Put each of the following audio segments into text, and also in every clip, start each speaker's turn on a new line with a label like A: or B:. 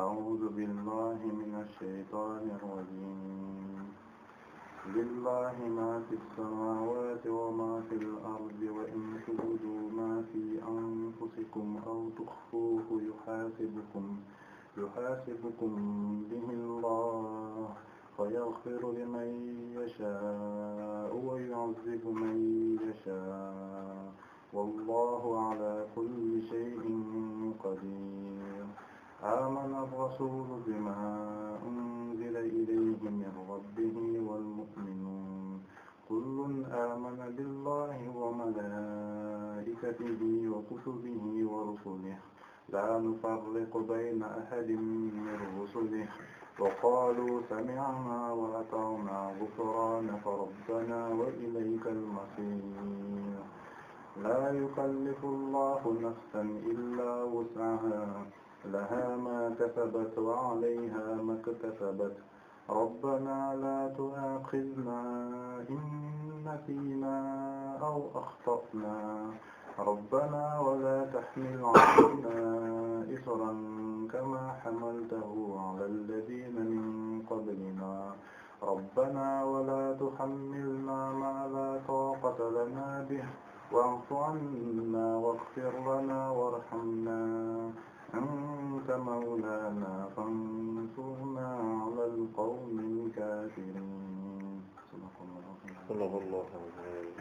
A: أعوذ بالله من الشيطان الرجيم لله ما في السماوات وما في الأرض وإن تبدوا ما في أنفسكم أو تخفوه يحاسبكم يحاسبكم به الله فيغفر لمن يشاء ويعذب من يشاء والله على كل شيء قدير amana ar-rasulu bimaa unzila ilayhi min rabbihi wal-mu'minuun kullun amana billahi wa malaa'ikatihi wa kutubihi wa rusulihi laa nufarriqu bayna ahadin min rusulihi wa qaaluu sami'naa wa ata'naa ghufraanaka rabbanaa wa ilaykal masiir laa yukallifu llaahu nafsan illaa wus'ahaa lahaa maa kasabat wa alayhaa maktasabat rabbanaa laa tu'aaxiznaa in nasiinaa aw axta'naa rabbanaa wa laa taxmil 'alaynaa isran kamaa xamaltahu 'alaa allaziina min qablinaa rabbanaa wa laa tuxammilnaa maa laa taaqata lanaa bihi wa'fu 'annaa waghfir lanaa warhamnaa أنت مولانا فانصرنا على القوم الكافرين صدق الله العظيم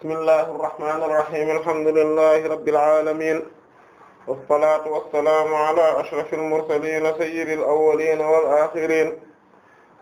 B: بسم الله الرحمن الرحيم الحمد لله رب العالمين والصلاة والسلام على أشرف المرسلين سيد الأولين والآخرين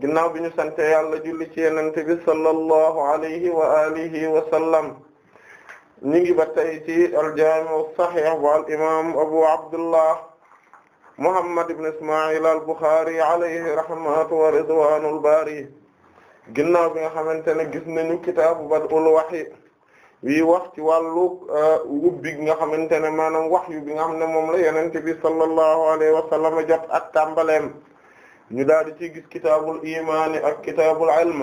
B: ginnaaw bi ñu sante yàlla julli ci yenente bi sallallahu alayhi wa alihi wa sallam ñu ngi ba tey ci al-Jaami' as-Sahih bu al-imaam Abu Abdullah Muhammad ibn Isma'il al-Bukhari alayhi rahmatu wa ridwaanul baari ginnaaw bi nga xamante ne gis nañu kitaabu bad'ul wahyi wi wax ci wàllu uh, ubbi bi nga xamante ne maanaam wahyu bi nga xam ne moom la yenen bi sallallahu alayhi wa sallam jot ak tàmbaleem ñu daal di ci gis kitaabul imaani ak kitaabul ilm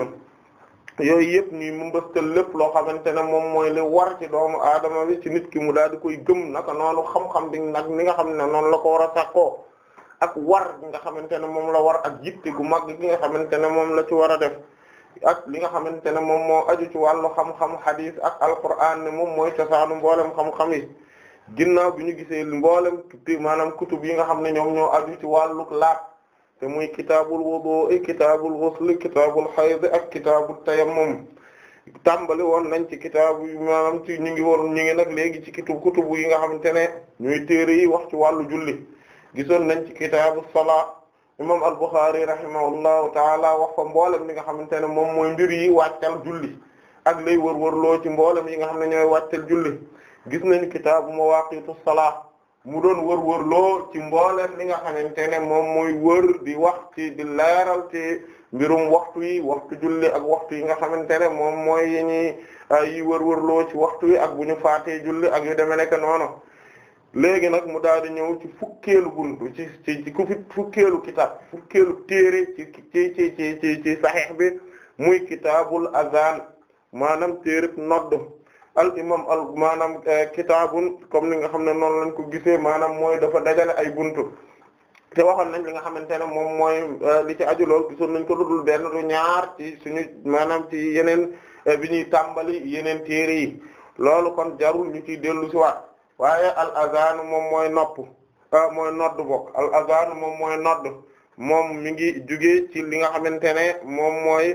B: yooyu yëpp ñuy mëmbastal lépp loo xamante ne moom mooy li war ci doomu aadama bi ci nit ki mu daal di koy gëm naka noonu xam-xam bi nag ni nga xam ne noonu la ko war a sàkkoo ak war gi nga xamante ne moom la war ak yitte gu mag gi nga xamante ne moom la ci war a def ak li nga xamante ne moom moo aju ci wàllu xam-xam hadis ak alquran ne moom mooy cosaanu mboolem xam-xam yi ginnaaw bi ñu gisee mboolem maanaam kutub yi nga xam ne ñoom ñoo aju ci wàllu laat te muy kitaabul wudu kitaabul ghusl kitaabul hayd ak kitaabul tayammum tàmbali woon nañ ci kitaabu yi maanaam ci ñu ngi woon ñu ngi nag léegi ci kitub kutubu yi nga xamante ne ñuy téere yi wax ci wàllu julli gisoon nañ ci kitaabu salaa imam al-Bukhari rahimahullahu taala wax fa mboolem li nga xamante ne moom mooy mbir yi wàccal julli ak lay wër-wër loo ci mboolem yi nga xam ne ñooy wàccal julli gis nañ kitaabu mawaaqitu salaa mu doon wër wër loo ci mboolem li nga xam ne moom mooy wër di wax ci di leeral ci mbirum waxtu yi waxtu julli ak waxtu yi nga xamante ne moom mooy yi ñuy wër ah, wër loo ci waxtu yi ak bu ñu faatee julli ak yu demee nekk noonu léegi nag mu daal di ñëw ci fukkeelu buntu ci ci ci ku fi fukkeelu kitaab fukkeelu téere ci ci ci ci ci ci saxiix bi muy kitaabul azaan maanaam téereb nodd al moom al maanaam eh, kitaabun comme ni nga xam ne noonu lañ ko gisee maanaam mooy dafa dajale ay buntu te waxoon nañ li nga xamante ne moom mooy eh, li ci aju lool nañ ko ludul benn du ñaar maanaam ci yeneen eh, bi ñuy tàmbali yeneen téere yi loolu kon jarul ñu ciy dellu si waat waaye al azan moom mooy nopp mooy nodd bokk al azan moom mooy nodd moom mi ngi jugee ci li nga xamante ne moom mooy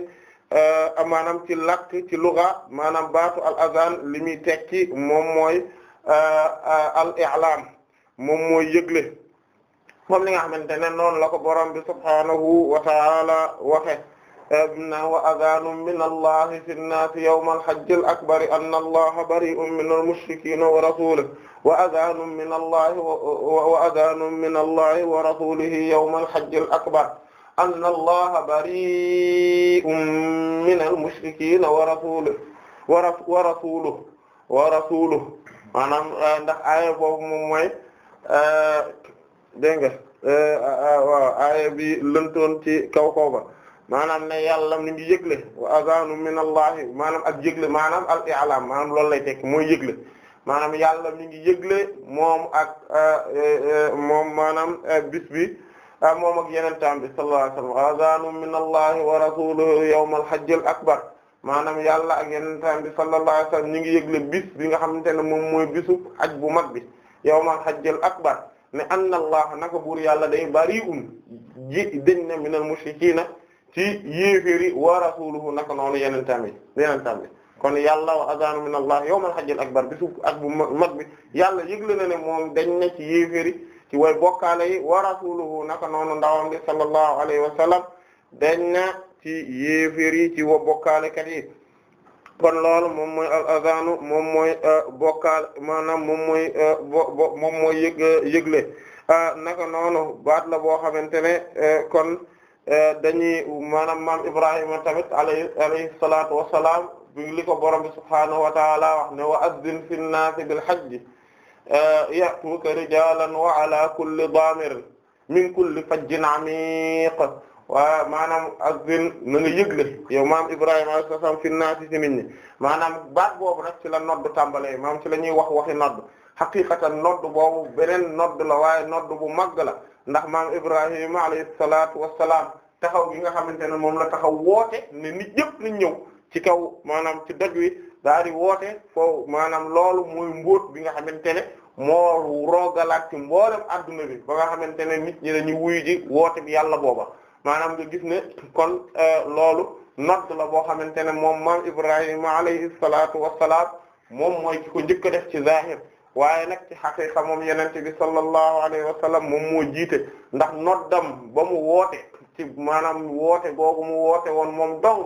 B: Euh, maanaam ci làkk ci luga maanaam baatu al azan li muy tekki moom mooy euh, euh, al i'lam moom mooy yëgle moom li nga xamante ne noonu la ko borom bi subhaanahu wa ta'ala waxe na wa adhanun min allahi fi nnaasi yawma alhajji al akbari anna allaha bari'un min almushrikina wa rasuluhu wa adhanun min allahi wa adhanun min allahi wa rasulihi yawma alhajji al akbar anna allaha bari'un minal mushrikiina wa rasuluhu wa rasuluhu eh, ndax aaya moom mooy eh, dégg nga eh, ah, ah, waaw aaya bi lëntoon ci kaw kaw ba yàlla mi ngi yëgle wa azanu min allahi maanaam ak yëgle maanaam al i'lam maanaam loolu lay tekk mooy yëgle maanaam yàlla ngi yëgle moom ak moom maanaam bi a moom ak yenentaan bi sallallahu alayhi wasallam azanum min allahi wa rasuluhu yawm al-hajj al-akbar maanaam yàlla ak yenentaan bi sallallahu alayhi wasallam ñu ngi yëgle bis bi nga xamante ne moom mooy bisu aj bu mag bi yawm al-hajj al-akbar ne anna allaha naka buur yàlla day bari'un ji dañ na min al-mushrikina ci yéeféeri wa rasuluhu naka noonu yenentaan bi yenentaan bi kon yàlla wa azanum min allah yawm al-hajj al-akbar bisu aj bu mag bi yàlla yëgle na ne moom dañ na ci yéeféeri ci way bokkaale yi wa rasuluhu naka noonu ndawam bi sallallahu alayhi wa sallam dañ na ci yéeféer yi ci wa bokkaalekat yi kon loolu moom mooy al azanu moom mooy euh, bokkaal maanaam moom mooy euh, bo moom mooy yëg euh, yëgle naka noonu baat la boo xamante ne kon dañuy maanaam maam Ibrahima tamit alayhi alayhi salaatu wa salaam bi li ko borom bi subhaanahu wa taala wax ne wa addin fin naasi bil hajj ya'tuuka rijaalan wa ala kulli daamir min kulli fajjin amiiq waaw maanaam ak bin na nga yëgle yow maam Ibrahima alayhi salaam fi naasi si nit ñi maanaam baat boobu nag ci la nodd tàmbalee maam ci la ñuy wax waxi nodd xaqiqatan nodd boobu beneen nodd la waay nodd bu màgg la ndax maam Ibrahima alayhi salaatu wassalaam taxaw gi nga xamante ne moom la taxaw woote ne nit ñëpp nañ ñëw ci kaw maanaam ci doj wi daa di woote foofu maanaam loolu muy mbóot bi nga xamante ne moo roogalaat ci mboolem adduna bi ba nga xamante ne nit ñi dañuy wuyu ji woote bi yàlla booba maanaam nga gis ne kon euh, loolu nodd la boo xamante ne moom maam Ibrahima alayhi salaatu wassalaam moom mooy ki ko def ci zahir waaye nag ci xaqiqa moom yenente bi sallallahu alayhi wa moom moo jiite ndax noddam ba mu woote ci maanaam woote googu mu woote woon moom dong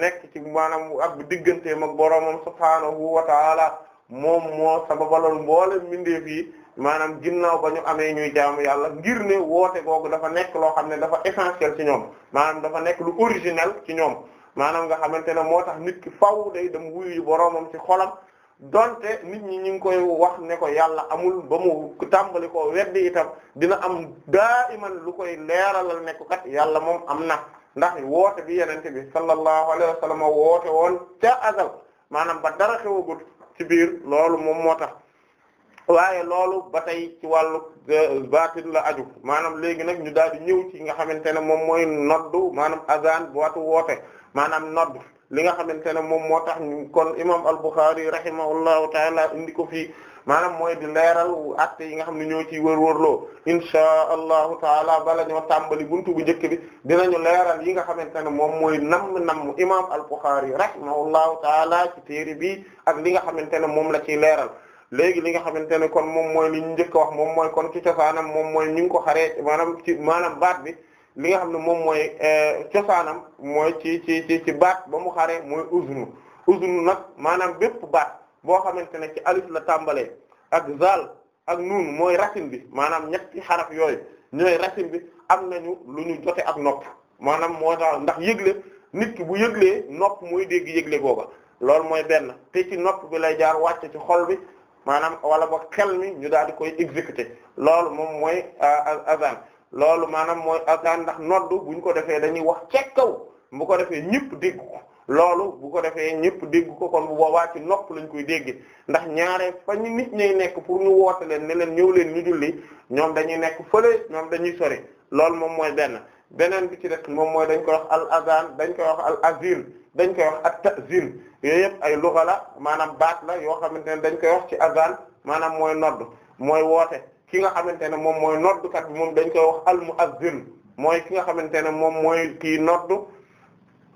B: nekk ci maanaam ab digganteem ak boroomam subhaanahu wa taala moom moo sababaloon mboolem mbindeef yi maanaam ginnaaw ba ñu amee ñuy jaamu yàlla ngir ne woote googu dafa nekk loo xam ne dafa essentiel ci ñoom maanaam dafa nekk lu original ci ñoom maanaam nga xamante ne moo tax nit ki faaw day dem wuyu boroomam ci xolam donte nit ñi ñu ngi koy wax ne ko yàlla amul ba mu tàmbali ko weddi itam dina am daa iman lu koy leeralal nekk yàlla moom am na. ndax woote bi yenente bi sallallahu alayhi wa sallam woote woon ca asal maanaam ba dara xewagul ci biir loolu moom moo tax waaye loolu ba tey ci wàllu euh, baatin la aju maanaam léegi nag ñu daal di ñëw ci nga xamante ne moom mooy noddu maanaam azan waatu woote maanaam noddu li nga xamante ne moom moo tax kon imam al-Bukhari rahimahullahu taala indi ko fii maanaam mooy di leeral acte yi nga xam ne ñoo ciy wër-wërloo inchaa allahu taala bala ñoo tàmbali buntu bu njëkk bi dinañu leeral yi nga xamante ne moom mooy namm namm imam al-Bukhari rahimahullahu taala ci téere bi ak li nga xamante ne moom la ciy leeral léegi li nga xamante ne kon moom mooy li ñu njëkk wax moom mooy kon ci cosaanam moom mooy ñu ngi ko xaree maanaam ci maanaam baat bi li nga xam ne moom mooy eh, cosaanam mooy ci ci ci ci baat ba mu xaree mooy uznu uznu nag maanaam bépp baat boo xamante ne ci alif la tàmbalee ak zal ak nuun mooy racine bi maanaam ñetti xaraf yooyu ñooy racine bi am nañu lu ñu jote ak nopp maanaam moo tax ndax yëgle nit ki bu yëglee nopp muy dégg yëgle googa loolu mooy benn te ci nopp bi lay jaar wàcce ci xol bi maanaam wala ba xel mi ñu daal di koy exécuter loolu moom mooy euh, azan loolu maanaam mooy azan ndax noddu bu ñu ko defee dañuy wax ca kaw bu ko defee ñëpp dégg loolu bu ko defee ñëpp dégg ko kon bu boobaa ci nopp lañ koy dégg ndax ñaare fa ñu nit ñay nekk pour ñu woote leen ne leen ñëw leen ñu julli ñoom dañuy nekk fële ñoom dañuy sori loolu moom mooy benn beneen bi ci def moom mooy dañ koy wax al azan dañ koy wax al azin dañ koy wax at ta'zin yooyu yëpp ay luga maanaam baat la yoo xamante ne dañ koy wax ci azan maanaam mooy nodd mooy woote ki nga xamante ne moom mooy noddkat bi moom dañ koy wax al muazzin mooy ki nga xamante ne moom mooy kii noddu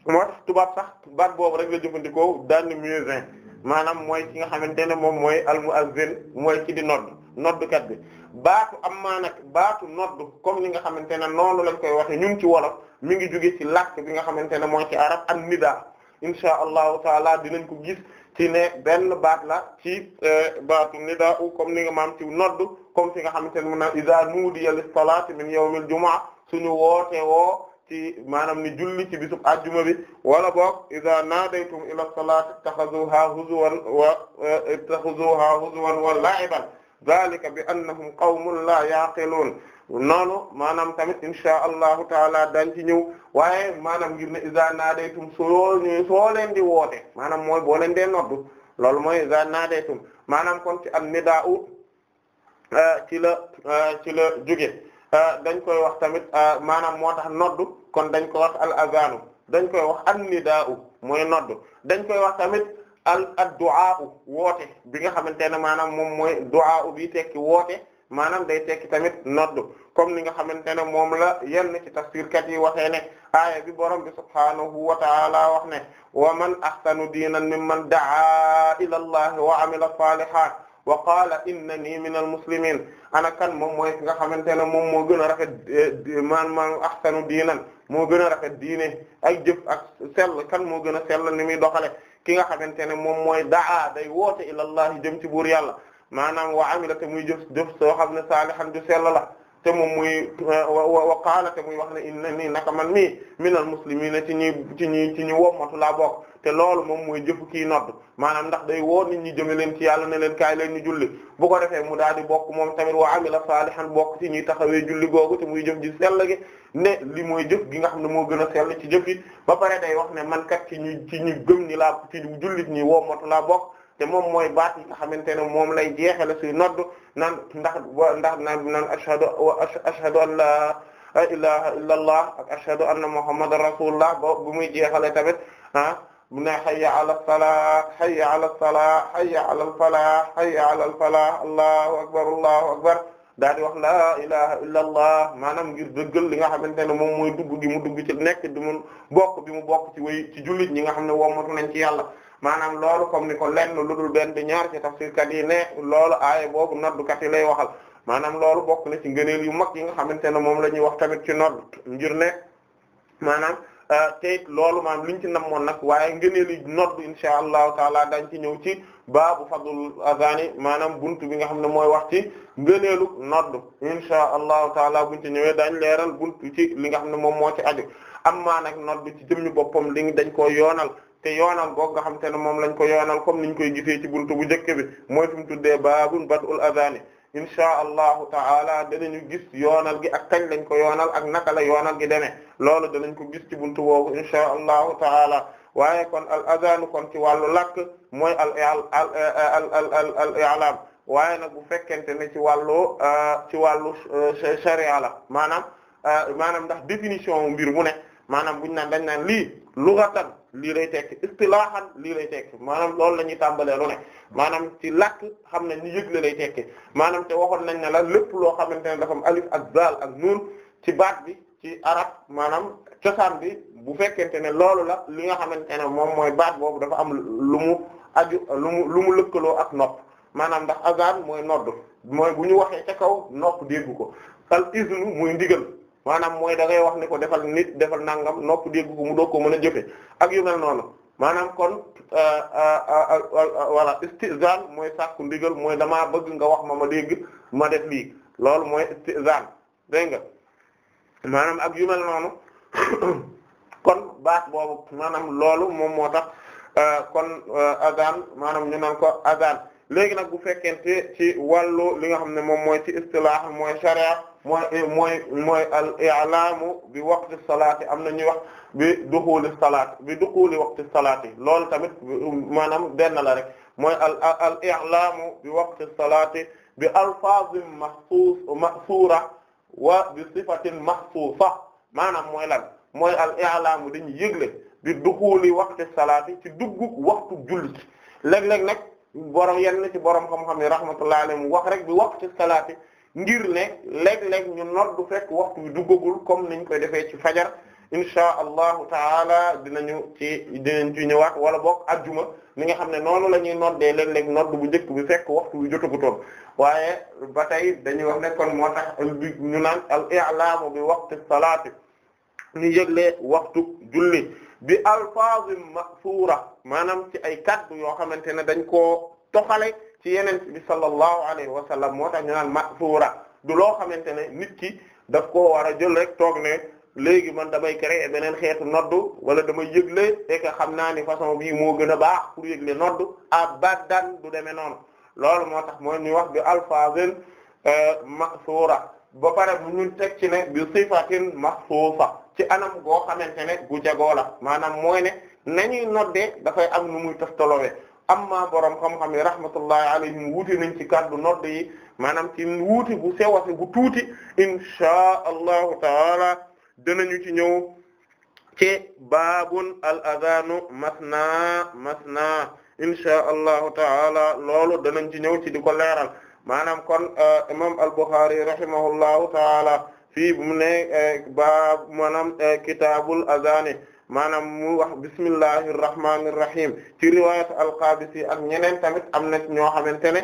B: moo tax tubaab sax baat boobu rek la jëfandikoo daan na maanaam mooy ki nga xamante ne moom mooy al muazzin mooy ki di nodd noddkat bi baatu amma nag baatu nodd comme ni nga xamante ne noonu lañ koy waxe ñun ci wolof mi ngi jóge ci làkk bi nga xamante ne mooy ci arab an nida insha allahu taala dinañ ko gis ci ne benn baat la ci euh, baatu nida u comme ni nga maam ci nodd comme fi nga xamante ne mun na iza nudiya lis salati min yawmil jumaa suñu woote woo ci maanaam ni julli ci bisub ajjuma bi wala boog iza nadaytum ila salati takhuzuha huzuwan wa eh, takhuzuha huzuwan wa la'iban zalika bi annahum qawmun la yaqilun noonu maanaam tamit insha allahu taala dañ ci ñëw waaye maanaam ngir ne iza nadaytum soo ñu soo leen di woote maanaam mooy boo leen dee noddu loolu mooy iza nadaytum kon ci an nidaa'u eh, ci la eh, ci la jóge Euh, dañ koy wax tamit euh, maanaam moo tax noddu kon dañ koy wax al azanu dañ koy wax an nidaa'u mooy noddu dañ koy wax tamit al addu'a woote bi nga xamante ne maanaam moom mooy du'a bi tekki woote maanaam day tekki tamit noddu comme ni nga xamante ne moom la yenn ci tafsirkat yi waxee ne aaya bi borom bi subhaanahu wa ta'ala wax ne wa man ahsanu diinan mimman da'a ila allah wa amila salihan wa qaala innanii min al-muslimiin ana kan moom mooy ki nga xamante ne moom moo gën a rafet eh, man man ahsanu diinan moo gën a rafet diine ak jëf ak sell kan moo gën a sell ni muy doxale ki nga xamante ne moom mooy daa day woote ilallahi jëm ci buur yàlla maanaam wa amilata muy jëf jëf soo xam ne saalihan ju sell la te moom muy eh, wa kaala te muy wax ne inna nii naka man mii minal muslimiina ci ñi ci ñi ci ñi wommatu laa bokk te loolu moom mooy jëfu kii nodd maanaam ndax day woo nit ñi jëme leen ci yàlla ne leen kaay leen ñu julli bu ko defee mu daal di bokk moom tamit wa amila saalihan bokk ci ñuy taxawee julli googu te muy jëf ji sell gi ne li mooy jëf gi nga xam ne moo gën a sell ci jëf yi ba pare day wax ne man kat ci ñu ci ñu gëm ni laa ci jullit ñi wommatu laa bokk moom mooy baat yi nga xamante ne moom lay jeexale suy nodd naan ndax ndax naan naan ashhadu ashhadu an la ilaha illa allah ak ashhadu anna muhammadan rasulullah ba bu muy jeexale tamit ah na hayya ala salah ala salah hayya ala falah hayya ala daal di wax laa ilaha illa allah maanaam ngir dëggal li nga xamante ne moom mooy dugg gi mu dugg ci nekk di mu bokk bi mu bokk ci way ci jullit ñi nga xam ne womatu nañ ci yàlla maanaam loolu comme ni ko lenn lu dul benn di ñaar ci tafsirkat yi ne loolu aaya boobu noddukat yi lay waxal maanaam loolu bokk na ci ngëneel yu mag yi nga xamante ne moom la wax tamit ci nodd ngir ne maanaam euh, te loolu maanaam liñ ci namoon nag waaye ngëneel yu nodd insha allahu taala dañ ci ñëw ci baabu fadlul azani maanaam buntu bi nga xam ne mooy wax ci ngëneelu noddu insha allahu taala buñ ci ñëwee dañ leeral buntu ci li nga xam ne moom moo ci aju amma nag nodd ci jëm ñu boppam li dañ koo yoonal te yoonal goog nga xam ne moom lañ ko yoonal comme niñ koy gisee ci buntu bu njëkk bi mooy fi mu tuddee baabun bad'ul adhan insha allahu ta'ala danañu gis yoonal gi ak kañ lañ ko yoonal ak naka la yoonal gi demee loolu danañ ko gis ci buntu boobu insha allahu ta'ala waaye kon al adhan kon ci wàllu làkk mooy al al al al al i'lam waaye nag bu fekkente ne ci wàllu ci wàllu euh, sharia la maanaam euh, maanaam ndax définition mbir mu ne maanaam buñu naan dañ naan lii lughatan lii lay tekki istilaahan lii lay tekki maanaam loolu la ñuy tàmbalee lu ne maanaam ci lakk xam nañ ni yëgle lay tekki maanaam te waxoon nañ ne la lépp loo xamante ne dafa am alif ak zaal ak nuun ci baat bi ci arab maanaam cosaan bi bu fekkente ne loolu la li nga xamante ne moom mooy baat boobu dafa am lu mu aju lu mu lu mu lëkkaloo ak nopp maanaam ndax azan mooy nodd mooy bu ñu waxee ca kaw nopp dégg ko al iznu muy ndigal maanaam mooy dangay wax ni ko defal nit defal nangam nopp dégg ko mu doog ko mën a jëfe ak yu noonu maanaam kon euh, euh, euh, voilà istizaan mooy sàkku ndigal mooy damaa bëgg nga wax ma ma dégg ma def lii loolu mooy istizaan dégg nga maanaam ak yu mel noonu kon baat boobu maanaam loolu moom moo tax kon azan maanaam ñu naan ko azan léegi nag bu fekkente ci wàllu li nga xam ne moom mooy ci istilaax mooy sharia mooy mooy mooy al i'laamu bi waqti salaati am na ñuy wax bi duxuuli salaat bi duxuuli waqti salaati loolu tamit maanaam benn la rek mooy al al i'laamu bi waqti salaati bi alfaazin mahsuus mahsuura wa bi sifatin mahsuusa maanaam mooy lan mooy al i'laamu dañuy yëgle bi duxuuli waqti salaati ci duggu waxtu julli léeg-léeg nag borom yenn ci borom xam-xam yi rahmatullahi mu wax rek bi waqti salaati. ngir ne léeg-léeg ñu noddu fekk waxtu bi duggagul comme niñ koy defee ci fajar insha allahu taala dinañu ci dinañ ci ñëwaat wala boog ajjuma ni nga xam ne noonu la ñuy noddee léeg-léeg noddu bu njëkk bi fekk waxtu bi jotagutoon waaye ba tey dañuy wax ne kon moo tax ñu naan al i'laamu bi waqti salaati ñu yëgle waxtu julli bi alfaazin ma'suura maanaam ci ay kaddu yoo xamante ne dañ koo toxale ci yenent bi sallallahu alayhi wa sallam moo tax ñu naan masuura du loo xamante ne nit ki daf koo war a jël rek toog ne léegi man damay créer beneen xeetu noddu wala damay yëgle et que xam naa ni façon bii moo gën a baax pour yëgle noddu abadan du demee noonu loolu moo tax mooy ñuy wax bi alfaazin euh, masuura ba pare bu ñu teg ci ne bi sifatin maxsuufa ci anam goo xamante ne gu jagoo la maanaam mooy ne nañuy noddee dafay am nu muy toftalowee amma borom xam-xam yi rahmatullahi alayhim wuute nañ ci kàddu nodd yi maanaam ci wuute bu sewase bu tuuti inshaa allahu taala danañu ci ñëw ci baabun al adanu masna masna inshaa allahu taala loolu danañ ci ñëw ci di ko leeral maanaam kon euh, imam al Bukhari rahimahullahu taala fii mu ne euh, baab maanaam euh, kitaabul azani maanaam mu wax bismillahir rahmanir rahim ci riwayat al-Qabisi ak ñeneen tamit am na ñoo xamante ne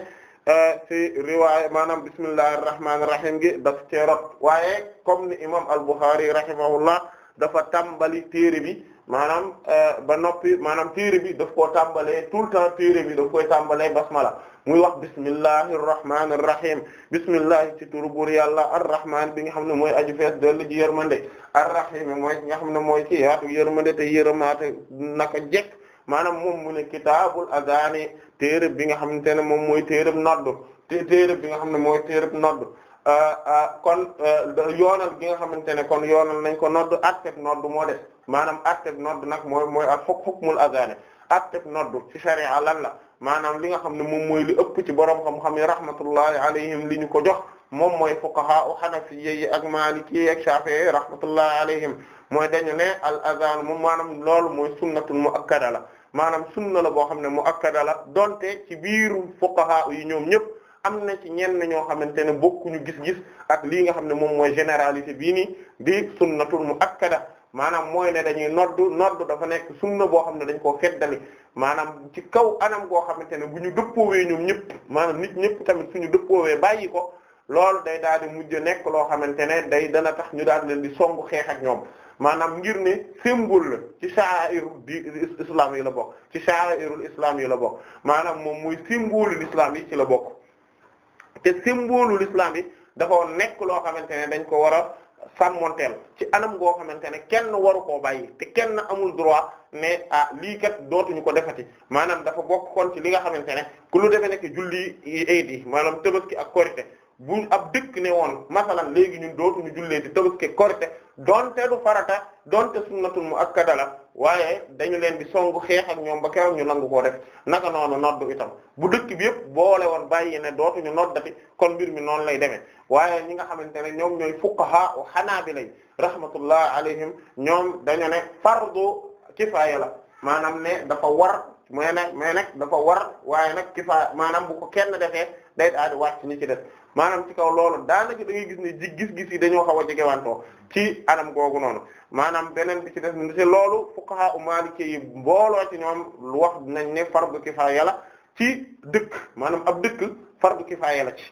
B: euh, ci riwaaya maanaam bismillahir rahmanir rahim gi daf cee waaye comme ni imam al-Bukhari rahimahullah dafa tàmbali téere bi maanaam euh, ba noppi maanaam téere bi daf koo tàmbalee tout le temps téere bi daf koy tàmbalee basmala muy wax bismillahi irrahmani irrahim bismillahi ci turu buur yàlla arrahman bi nga xam ne mooy aju fees dellu ji yërmande arrahim mooy nga xam ne mooy ci yaatu yërmande te yërëmaate naka jekk maanaam moom mu ne kitaabul adhaani téereb bi nga xamante ne moom mooy téereb nodd te téereb bi nga xam ne mooy téereb nodd euh, euh, kon euh, yoonal gi nga xamante ne kon yoonal nañ ko noddu atteb nodd moo def maanaam atteb nodd nag mooy mooy ak fukk hukmul adhaani atteb nodd ci sharia lan la maanaam li nga xam ne moom mooy li ëpp ci borom xam-xam yi rahmatullahi alayhim li ñu ko jox moom mooy fuqaha u hanafiyya yi ak maliki ak shafi'i rahmatullahi alayhim mooy dañu ne al azan moom maanaam loolu mooy sunnatul muakkada la maanaam sunna la boo xam ne muakkada la donte ci biiru fuqaha yi ñoom ñëpp am na ci ñenn ñoo xamante ne bokkuñu gis-gis ak lii nga xam ne moom mooy généralité bii nii di sunnatul muakkada maanaam mooy ne dañuy noddu noddu dafa nekk na boo xam ne dañ koo feddali maanaam ci kaw anam goo xamante ne bu ñu dëppoowee ñoom ñëpp maanaam nit ñëpp tamit suñu dëppoowee bàyyi ko loolu day daal di mujj nekk loo xamante ne day dana tax ñu daal leen di songu xeex ak ñoom maanaam ngir ne symbole la ci sha'irul di islam yi la bokk ci sha'irul islam yi la bokk maanaam moom mooy symbole l'islam yi ci la bokk te symbole l'islam yi nekk loo xamante ne dañ ko war a sàmmonteel ci anam ngoo xamante ne kenn waru koo bàyyi te kenn amul droit ne ah lii dootuñu ko defati maanaam dafa bokk kon ci li nga xamante ne ku lu defe nekk julli Eid maanaam maanaam ki ak Korité bu ab dëkk ne woon masalan léegi ñun dootuñu jullee di Tabaski Korité donte du farata donte sunnatul ak kadala waaye dañu leen di songu xeex ak ñoom ba keroog ñu nangu koo def naka noonu noddu itam bu dëkk bi yëpp boole woon bàyyi ne dootuñu noddati kon mbir mi noonu lay demee waaye ñi nga xamante ne ñoom ñooy fuqaha wa hanabila rahmatullah alayhim ñoom dañu ne fardu kifaaya la maanaam ne dafa war mais nag mais nag dafa war waaye nag kifaaya maanaam bu ko kenn defee day daal di wàcc ñi ci def maanaam ci kaw loolu daanaka da ngay gis ne ji gis-gis yi dañoo xaw a jegewantoo ci anam googu noonu maanaam beneen bi ci def ni ci loolu fuqaha u maliki yi mbooloo ci ñoom wax nañ ne fardu kifaaya la ci dëkk maanaam ab dëkk fardu kifaaya la ci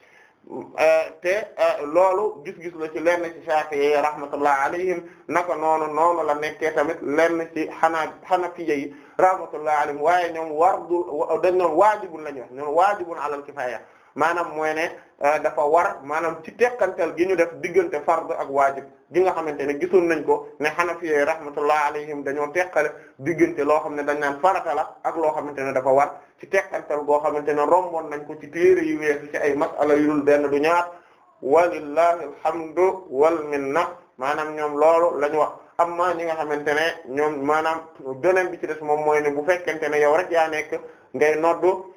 B: euh, te euh, loolu gis-gis la ci lenn ci Shafi'i rahmatullah alayhim naka noonu noonu la nekkee tamit lenn ci xanaa Hanafiya yi rahmatullah alayhim waaye ñoom wardu dañ noon waajibun la ñu wax ñoom waajibun alal kifaaya maanaam mooy ne euh, dafa war maanaam ci tekkantal gi ñu def diggante far fard ak waajib gi nga xamante ne gisoon nañ ko ne xanafiye rahmatullah alayhim dañoo tekkale diggante loo ne dañ naan farata la ak loo xamante ne dafa war ci tekkantal goo xamante ne romboon nañ ko ci téere yu ci ay masala yu dul benn du ñaar walillahi alhamdu wal minna maanaam ñoom loolu la ñu wax amma ñi nga xamante ne ñoom maanaam beneen bi ci des moom mooy ne bu fekkente ne yow rek yaa nekk ngay noddu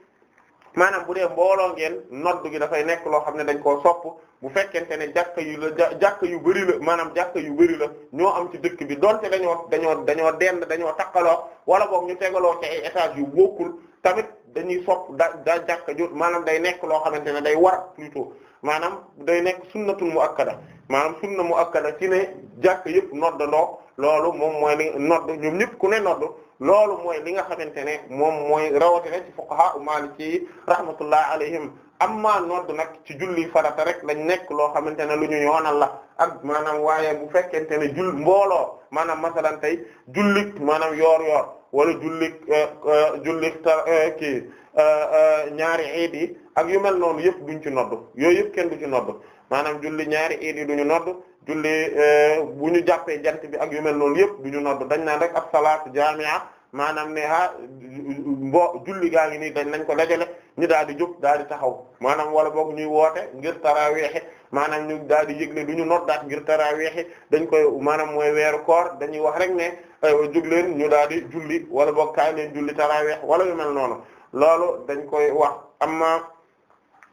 B: maanaam bu dee mbooloo ngeen noddu gi dafay nekk loo xam ne dañ koo sopp bu fekkente ne jàkka yu la jàkka yu bëri la maanaam jàkka yu bëri la ñoo am ci dëkk bi doon dañoo dañoo dañoo dend dañoo takkaloo wala boog ñu tegaloo ci ay yu bokkul tamit dañuy sopp da da jàkka jot maanaam day nekk loo xamante ne day war plutôt maanaam day nekk mu muakkada maanaam na mu muakkada ci ne jàkka yëpp noddandoo loolu moom mooy ni nodd ñoom ñëpp ku ne nodd loolu mooy li nga xamante ne moom mooy rawatina ci fuqaha u maliki rahmatullah alayhim amma nodd nag ci julli farata rek lañ nekk loo xamante ne lu ñu yoonal la ak maanaam waaye bu fekkente ne jul mbooloo maanaam masalan tey jullik maanaam yoor yoor wala jullik eh, eh, jullik ta eh, kii ñaari iid yi ak yu mel noonu yëpp duñ ci nodd yooyu yëpp kenn du ci nodd maanaam julli ñaari iid yi duñu nodd julli euh, bu ñu jàppee jant bi ak yu mel noonu yëpp du ñu noddu dañ naan rek ab salaatu jaami'a maanaam ne ah bo julli gaa ngi nii dañ nañ ko dajale ñu daal di jóg daal di taxaw maanaam wala boog ñuy woote ngir taraweexe maanaam ñu daal di yëgle du ñu noddaat ngir taraweexe dañ koy maanaam mooy weeru koor dañuy wax rek ne aywa jóg leen ñu daal di julli wala boog kaay leen julli taraweex wala yu mel noonu loolu dañ koy wax amma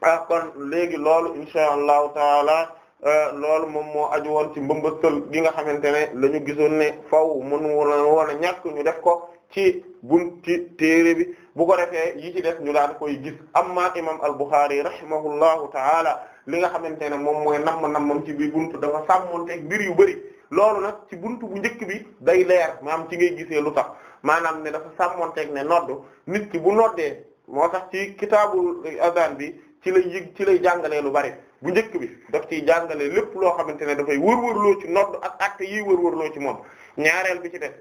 B: ah, kon léegi loolu insha allahu taala Euh, loolu moom moo aju woon ci mbëmbëstal gi nga xamante ne la gisoon ne faw mun woon a ñàkk ñu def ko ci bun ci téere bi bu ko defee yi ci def ñu daan koy gis amma imam al-Bukhari rahimahullahu taala li nga xamante ne moom mooy namm nammam ci biir buntu dafa sàmmonteeg mbir yu bëri loolu nag ci bunt bu njëkk bi day leer maanaam ci ngay gisee lu tax maanaam ne dafa sàmmonteeg ne nodd nit ki bu noddee moo tax ci kitaabul adaan bi ci lay yëg ci lay jàngalee lu bëri bu njëkk bi def ciy jàngale lépp loo xamante ne dafay wër-wërloo ci nodd ak acte yi wër-wërloo ci moom ñaareel bi ci def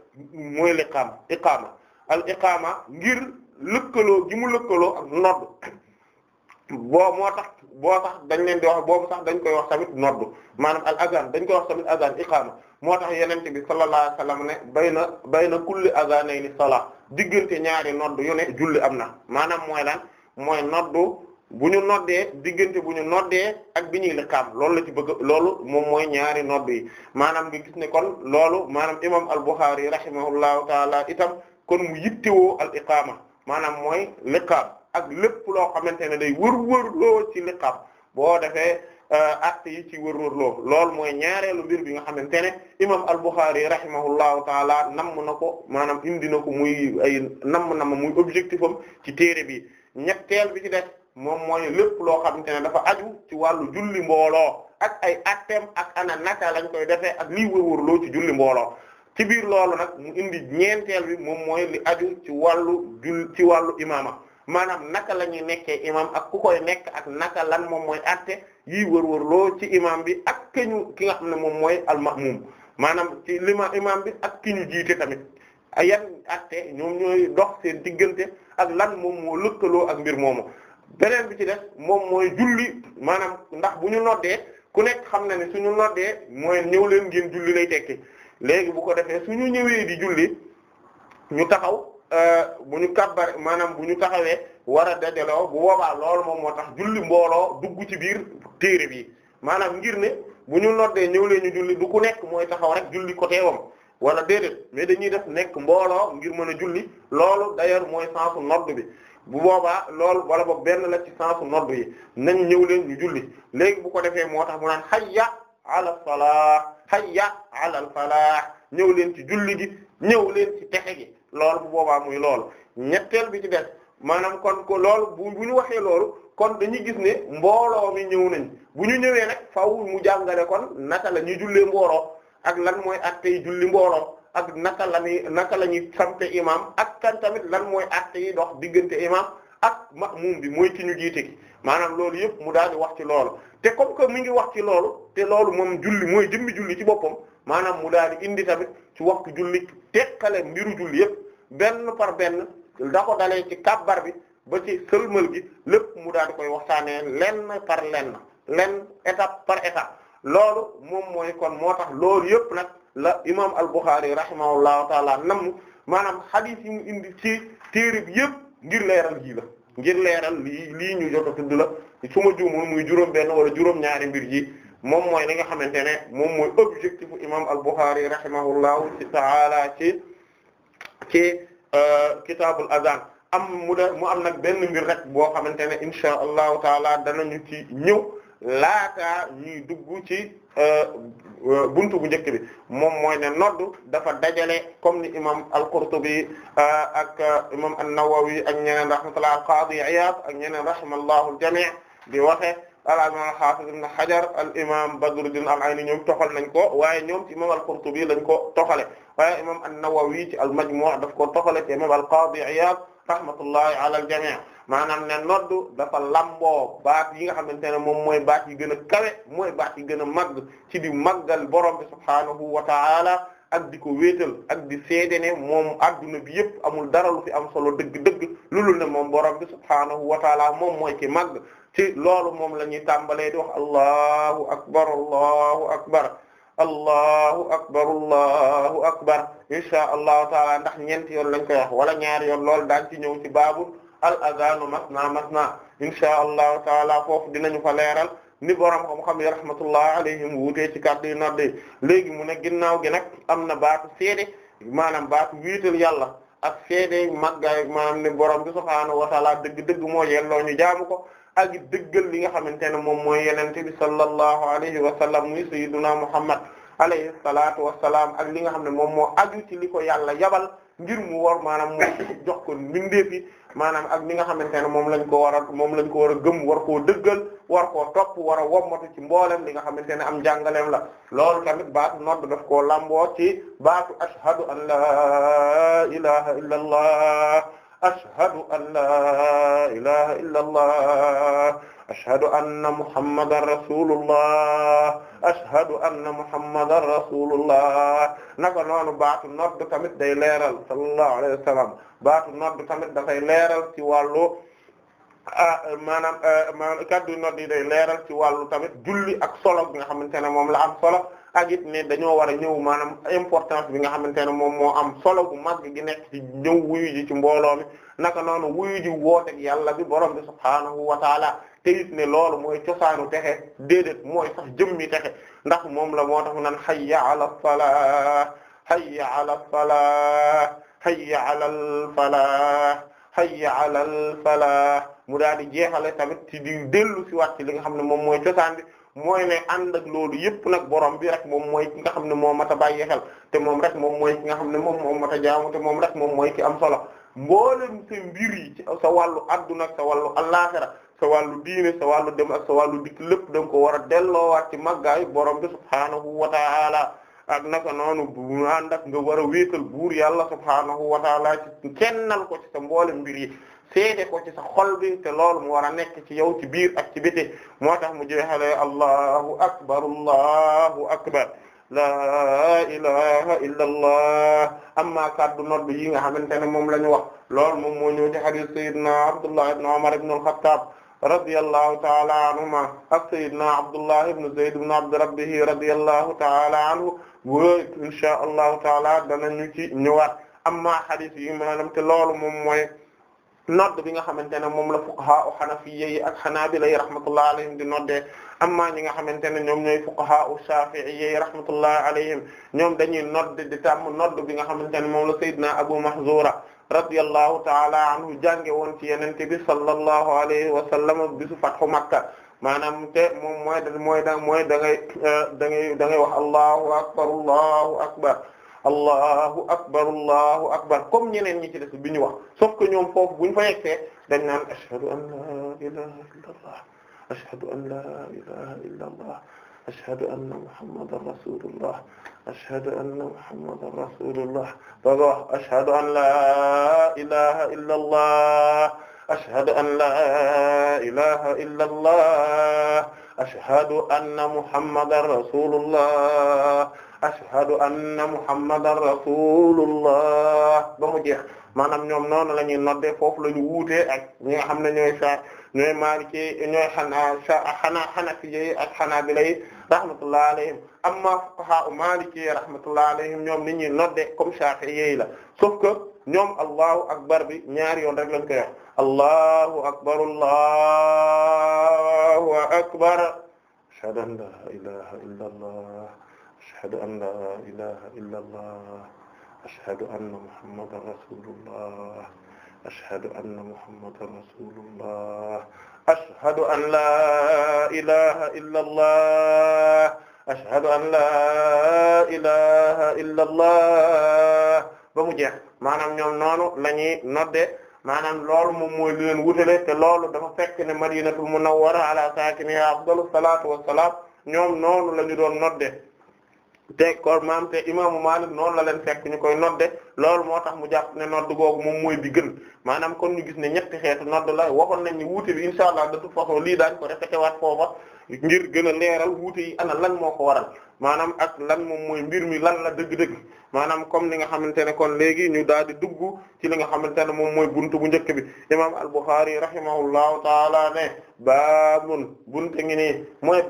B: mooy liqaam iqaama al iqaama ngir lëkkaloo gi mu lëkkaloo ak nodd boo moo tax boo tax dañ leen di wax boobu sax dañ koy wax tamit nodd maanaam al azan dañ koy wax tamit azan iqaama moo tax yenente bi sallallahu alayhi wasallam ne bayna bayna kulli azanayni salaa diggante ñaari nodd yu ne julli am na maanaam mooy lan mooy noddu bu ñu noddee diggante bu ñu noddee ak bi ñuy liqaam loolu la ci bëgg loolu moom mooy ñaari nodd yi maanaam nga gis ne kon loolu maanaam imam al-Bukhari rahimahullahu taala itam kon mu yittewoo al iqaama maanaam mooy liqaam ak lépp loo xamante ne day wër-wër loo ci liqaam boo defee euh, actes yi ci wër-wër loolu mooy ñaareelu mbir bi nga xamante ne imam al-Bukhari rahimahullahu taala namm na ko maanaam indi na ko muy ay namm namm muy objectif am ci téere bi ñetteel bi ci def moom mooy lépp loo xamante ne dafa aju ci wàllu julli mbooloo ak ay attem ak ana naka lañ koy defee ak lii wërwërloo ci julli mbooloo ci biir loolu nag mu indi ñeenteel bi moom mooy li aju ci wàllu jull ci wàllu imaama maanaam naka la ñuy nekkee imaam ak ku koy nekk ak naka lan moom mooy atte yii wërwërloo ci imam bi ak ki ki nga xam ne moom mooy almamum maanaam ci lima imam bi ak ki ñu jiite tamit yan atte ñoom ñooy dox seen diggante ak lan moom moo lëkkaloo ak mbir moomu beneen bi ci def moom mooy julli maanaam ndax bu ñu noddee ku nekk xam na ne su ñu noddee mooy ñëw leen ngeen julli lay tekki léegi bu ko defee ñu ñëwee di julli ñu taxaw euh, bu ñu kabbar maanaam bu ñu taxawee war a dajaloo bu boobaa loolu moom moo tax julli mbooloo dugg ci biir téere bi maanaam ngir ne bu ñu noddee ñëw leen ñu julli du ku nekk mooy taxaw rek julli côté wam wala déedéet mais dañuy def nekk mbooloo ngir mën a julli loolu d'ailleurs mooy sensu nodd bi bu boobaa loolu wala boog benn la ci sensu nodd yi nañ ñëw leen ñu julli léegi bu ko defee moo tax mu naan hayya ala salah hayya ala al ñëw leen ci julli gi ñëw leen ci texe gi loolu bu boobaa muy lool ñetteel bi ci def maanaam kon ko loolu bu bu ñu waxee loolu kon dañuy gis ni mbooloo mi ñëw nañ bu ñu ñëwee nag faaw mu jàngale kon naka la ñuy jullee mbooloo ak lan mooy attey julli mbooloo ak naka la ñuy naka la ñuy sante imam ak kan tamit lan mooy acte yi dox diggante imam ak ma'mum bi mooy ki ñu jiite gi maanaam loolu yëpp mu daal di wax ci loolu te comme que mi ngi wax ci loolu te loolu moom julli mooy jëmmi julli ci boppam maanam mu daal di indi tamit ci waxtu julli tekkale mbiru julli yëpp benn par benn da ko dalee ci kabbar bi ba ci sëlmal gi lépp mu daal di koy waxtaanee lenn par lenn lenn étape par étape loolu moom mooy kon moo tax loolu yëpp nag la imam al-Bukhari rahimahullahu taala nam maanaam hadith yi mu indi ci téere bi yëpp ngir leeral ji la ngir leeral lii lii ñu jot a la su ma juumul muy juróom benn wala juróom ñaari mbir ji moom mooy li nga xamante ne moom mooy objectif imam al-Bukhari rahimahullahu taala ci ci euh, kitaabul azan am mu de mu am nag benn mbir rek boo xamante ne insha allahu taala ñu ci ñëw laataa ñuy dugg ci euh, Euh, buntu bu njëkk bi moom mooy ne noddu dafa dajale comme ni imam al-Qurtubi euh, ak euh, imam an-Nawawi ak ñeneen rahmatullah al-Qadi Iyad ak ñeneen rahimallahu al-jami' di waxe al-imam al-Hafiz ibn Hajar al-imam Badruddin al-Ayni ñoom toxal nañ ko waaye ñoom ci imam al-Qurtubi lañ ko toxale waaye imam an-Nawawi ci al-Majmu' daf ko toxale ci imam al-Qadi Iyad rahmatullahi ala al-jami' maanaam ne noddu dafa lamboo baat yi nga xamante ne moom mooy baat yi gën a kawe mooy baat yi gën a màgg ci di màggal borom bi subhaanahu wa taala ak di ko wéetal ak di seede ne moom adduna bi yëpp amul dara lu fi am solo dëgg-dëgg loolu ne moom borom bi subhaanahu wa taala moom mooy ci màgg ci loolu moom la ñuy tàmbalee di wax allahu akbar allahu akbar allahu akbar allahu akbar insha allahu taala ndax ñeenti yoon lañ koy wax wala ñaari yoon loolu daan ci ñëw ci baabu al azanu masna masna insha allahu taala dina ñu fa leeral ni borom xam-xam yi rahmatullah alayhim wuutee ci kàddu yu nodde léegi mu ne ginnaaw gi nag am na baatu seede maanaam baatu wiital yàlla ak seede màggaay maanaam ne borom bi subhaanahu wa taala dëgg-dëgg moo yelloo ñu jaamu ko ak dëggal li nga xamante ne moom mooy yenente bi sallallahu alayhi wa sallam muy sayyiduna muhammad alayhi salaatu wa salaam ak li nga xam ne moom moo aju ci li ko yàlla yabal ngir mu war maanaam mu jox ko mbindeef yi maanaam ak ni nga xamante ne moom lañ ko war a moom lañ ko war a gëm war koo dëggal war ko topp war a wommatu ci mboolem li nga xamante ne am jàngaleem la loolu tamit baatu nodd daf koo lamboo ci baatu ashhadu an la ilaha illa la ashhadu anna muhammadan rasulullah ashhadu anna muhammadan rasulullah naka noonu baatu nodd tamit day leeral sallallahu alayhi wa sallam baatu nodd tamit dafay leeral ci wàllu ah, maanaam eh, maanaam kaddu nodd yi day leeral ci wàllu tamit julli ak solo bi nga xamante ne moom la am solo ak ne dañoo war a ñëw maanaam importance bi nga xamante ne moom moo am solo bu mag gi nekk ci ñëw wuyu ji ci mbooloo mi naka noonu wuyu ji woote ak yàlla bi borom subhaanahu wa te it ne loolu mooy cosaanu texe déedéet mooy sax jëmmi texe ndax moom la moo tax mu naan hayya ala falah hayya ala falah hayya ala ala falah mu daal di jeexale tamit ci di dellu si waat ci li nga xam ne mooy cosaan mooy ne ànd ak loolu yëpp nag borom bi rek moom mooy ki nga xam ne moo mat a bàyyi te moom rek moom mooy ki nga xam ne moom moo mat a jaamu moom rek moom mooy ki am solo mboolem sa ci sa wàllu adduna ak sa sa wàllu diine sa wàllu dem ak sa wàllu lépp da nga ko war a delloowaat ci màggaayu borom bi subhaanahu wa taala ak naka noonu bu ànd ak nga war a wéetal buur yàlla subhaanahu wa taala ci kennal ko ci sa mboole mbir yi seede ko ci sa xol te loolu mo war a nekk ci yow ci biir ak ci biti moo tax mu jeexalee allahu akbar allahu akbar laa ilaha illa allah amma kaddu noddu yi nga xamante ne moom la ñu wax loolu moom moo ñëw ci abdullah ibn umar ibn al-khattab radiyallahu taala anhuma ak sayyidina Abdullah ibn Zayd ibn Abd Rabbih radiyallahu taala anhu wooy insha allahu taala danañu ci ñëwaat amma hadith yi maanaam te loolu moom mooy nodd bi nga xamante ne moom la fuqaha u hanafiyya yi ak hanabila yi rahmatullahi alayhim di noddee amma ñi nga xamante ne ñoom ñooy fuqaha u shafi'iyya yi rahmatullahi alayhim ñoom dañuy nodd di tàmm nodd bi nga xamante ne moom la sayyidina Abu Mahzura radiyallahu taala anhu jànge woon ci yenente bi sallallahu alayhi wa sallam bisu fathu makka maanaam te moom mooy mooy da mooy da ngay da ngay da ngay wax allahu akbar allahu akbar allahu akbar allahu akbar comme ñeneen ñi ci des bi ñu wax sauf que ñoom foofu buñ fa yegsee dañ naan
A: ashhadu an la ilaha illa allah ashhadu an la
B: ilaha illa allah ashhadu anna muhammadan rasulullah ashhadu anna
A: muhammadan rasulullah
B: ba nga wax ashhadu an laa ilaha illa allah ashhadu an laa ilaha illa allah ashhadu anna muhammadan rasulullah ashhadu anna muhammadan rasulullah ba mu jeex maanaam ñoom noonu la ñuy nodde foofu la ñu wuute ak ñi nga xam ne ñooy saa ñooy Maliki ñooy xanaa xanaa Hanafi yi ak Hanabila yi rahmatullahi alayhim amma fuqaha Maliki yi rahmatullahi alayhim ñoom nit ñi nodde comme Shafi'i yi la sauf que ñoom allahu akbar bi ñaari yoon rek lañ koy
A: wax allahu
B: akbar allahu akbar
A: ashhadu an la ilaha illa allah ashhadu an la ilaha illa allah ashhadu anna muhammadan rasulullah ashhadu anna muhammadan rasulullah ashhadu an la
B: ilaha illa allah ashhadu an la ilaha illa allah ba mu jeex maanaam ñoom noonu la ñuy nodde maanaam loolu moom mooy li leen wutale te loolu dafa fekk ne madinatul munawwara ala saakiniha afdalu salaatu wassalaam ñoom noonu la ñu doon nodde te kon maam te imaamu Maalik noonu la leen fekk ñu koy nodde lool moo tax mu jàpp ne nodd googu moom mooy bi gën maanaam kon ñu gis ne ñetti xeetu nodd la waxoon nañ ni wuute bi incha allah de lii daañ ko répété waat foofa ngir gën a leeral wuute yi ana lan moo ko waral maanaam ak lan moom mooy mbir mi lan la dëgg-dëgg maanaam comme ni nga xamante ne kon léegi ñu daal di dugg ci li nga xamante ne moom mooy buntu bu njëkk bi imam al-Bukhari rahimahullahu taala ne baabun buntu ngi nii mooy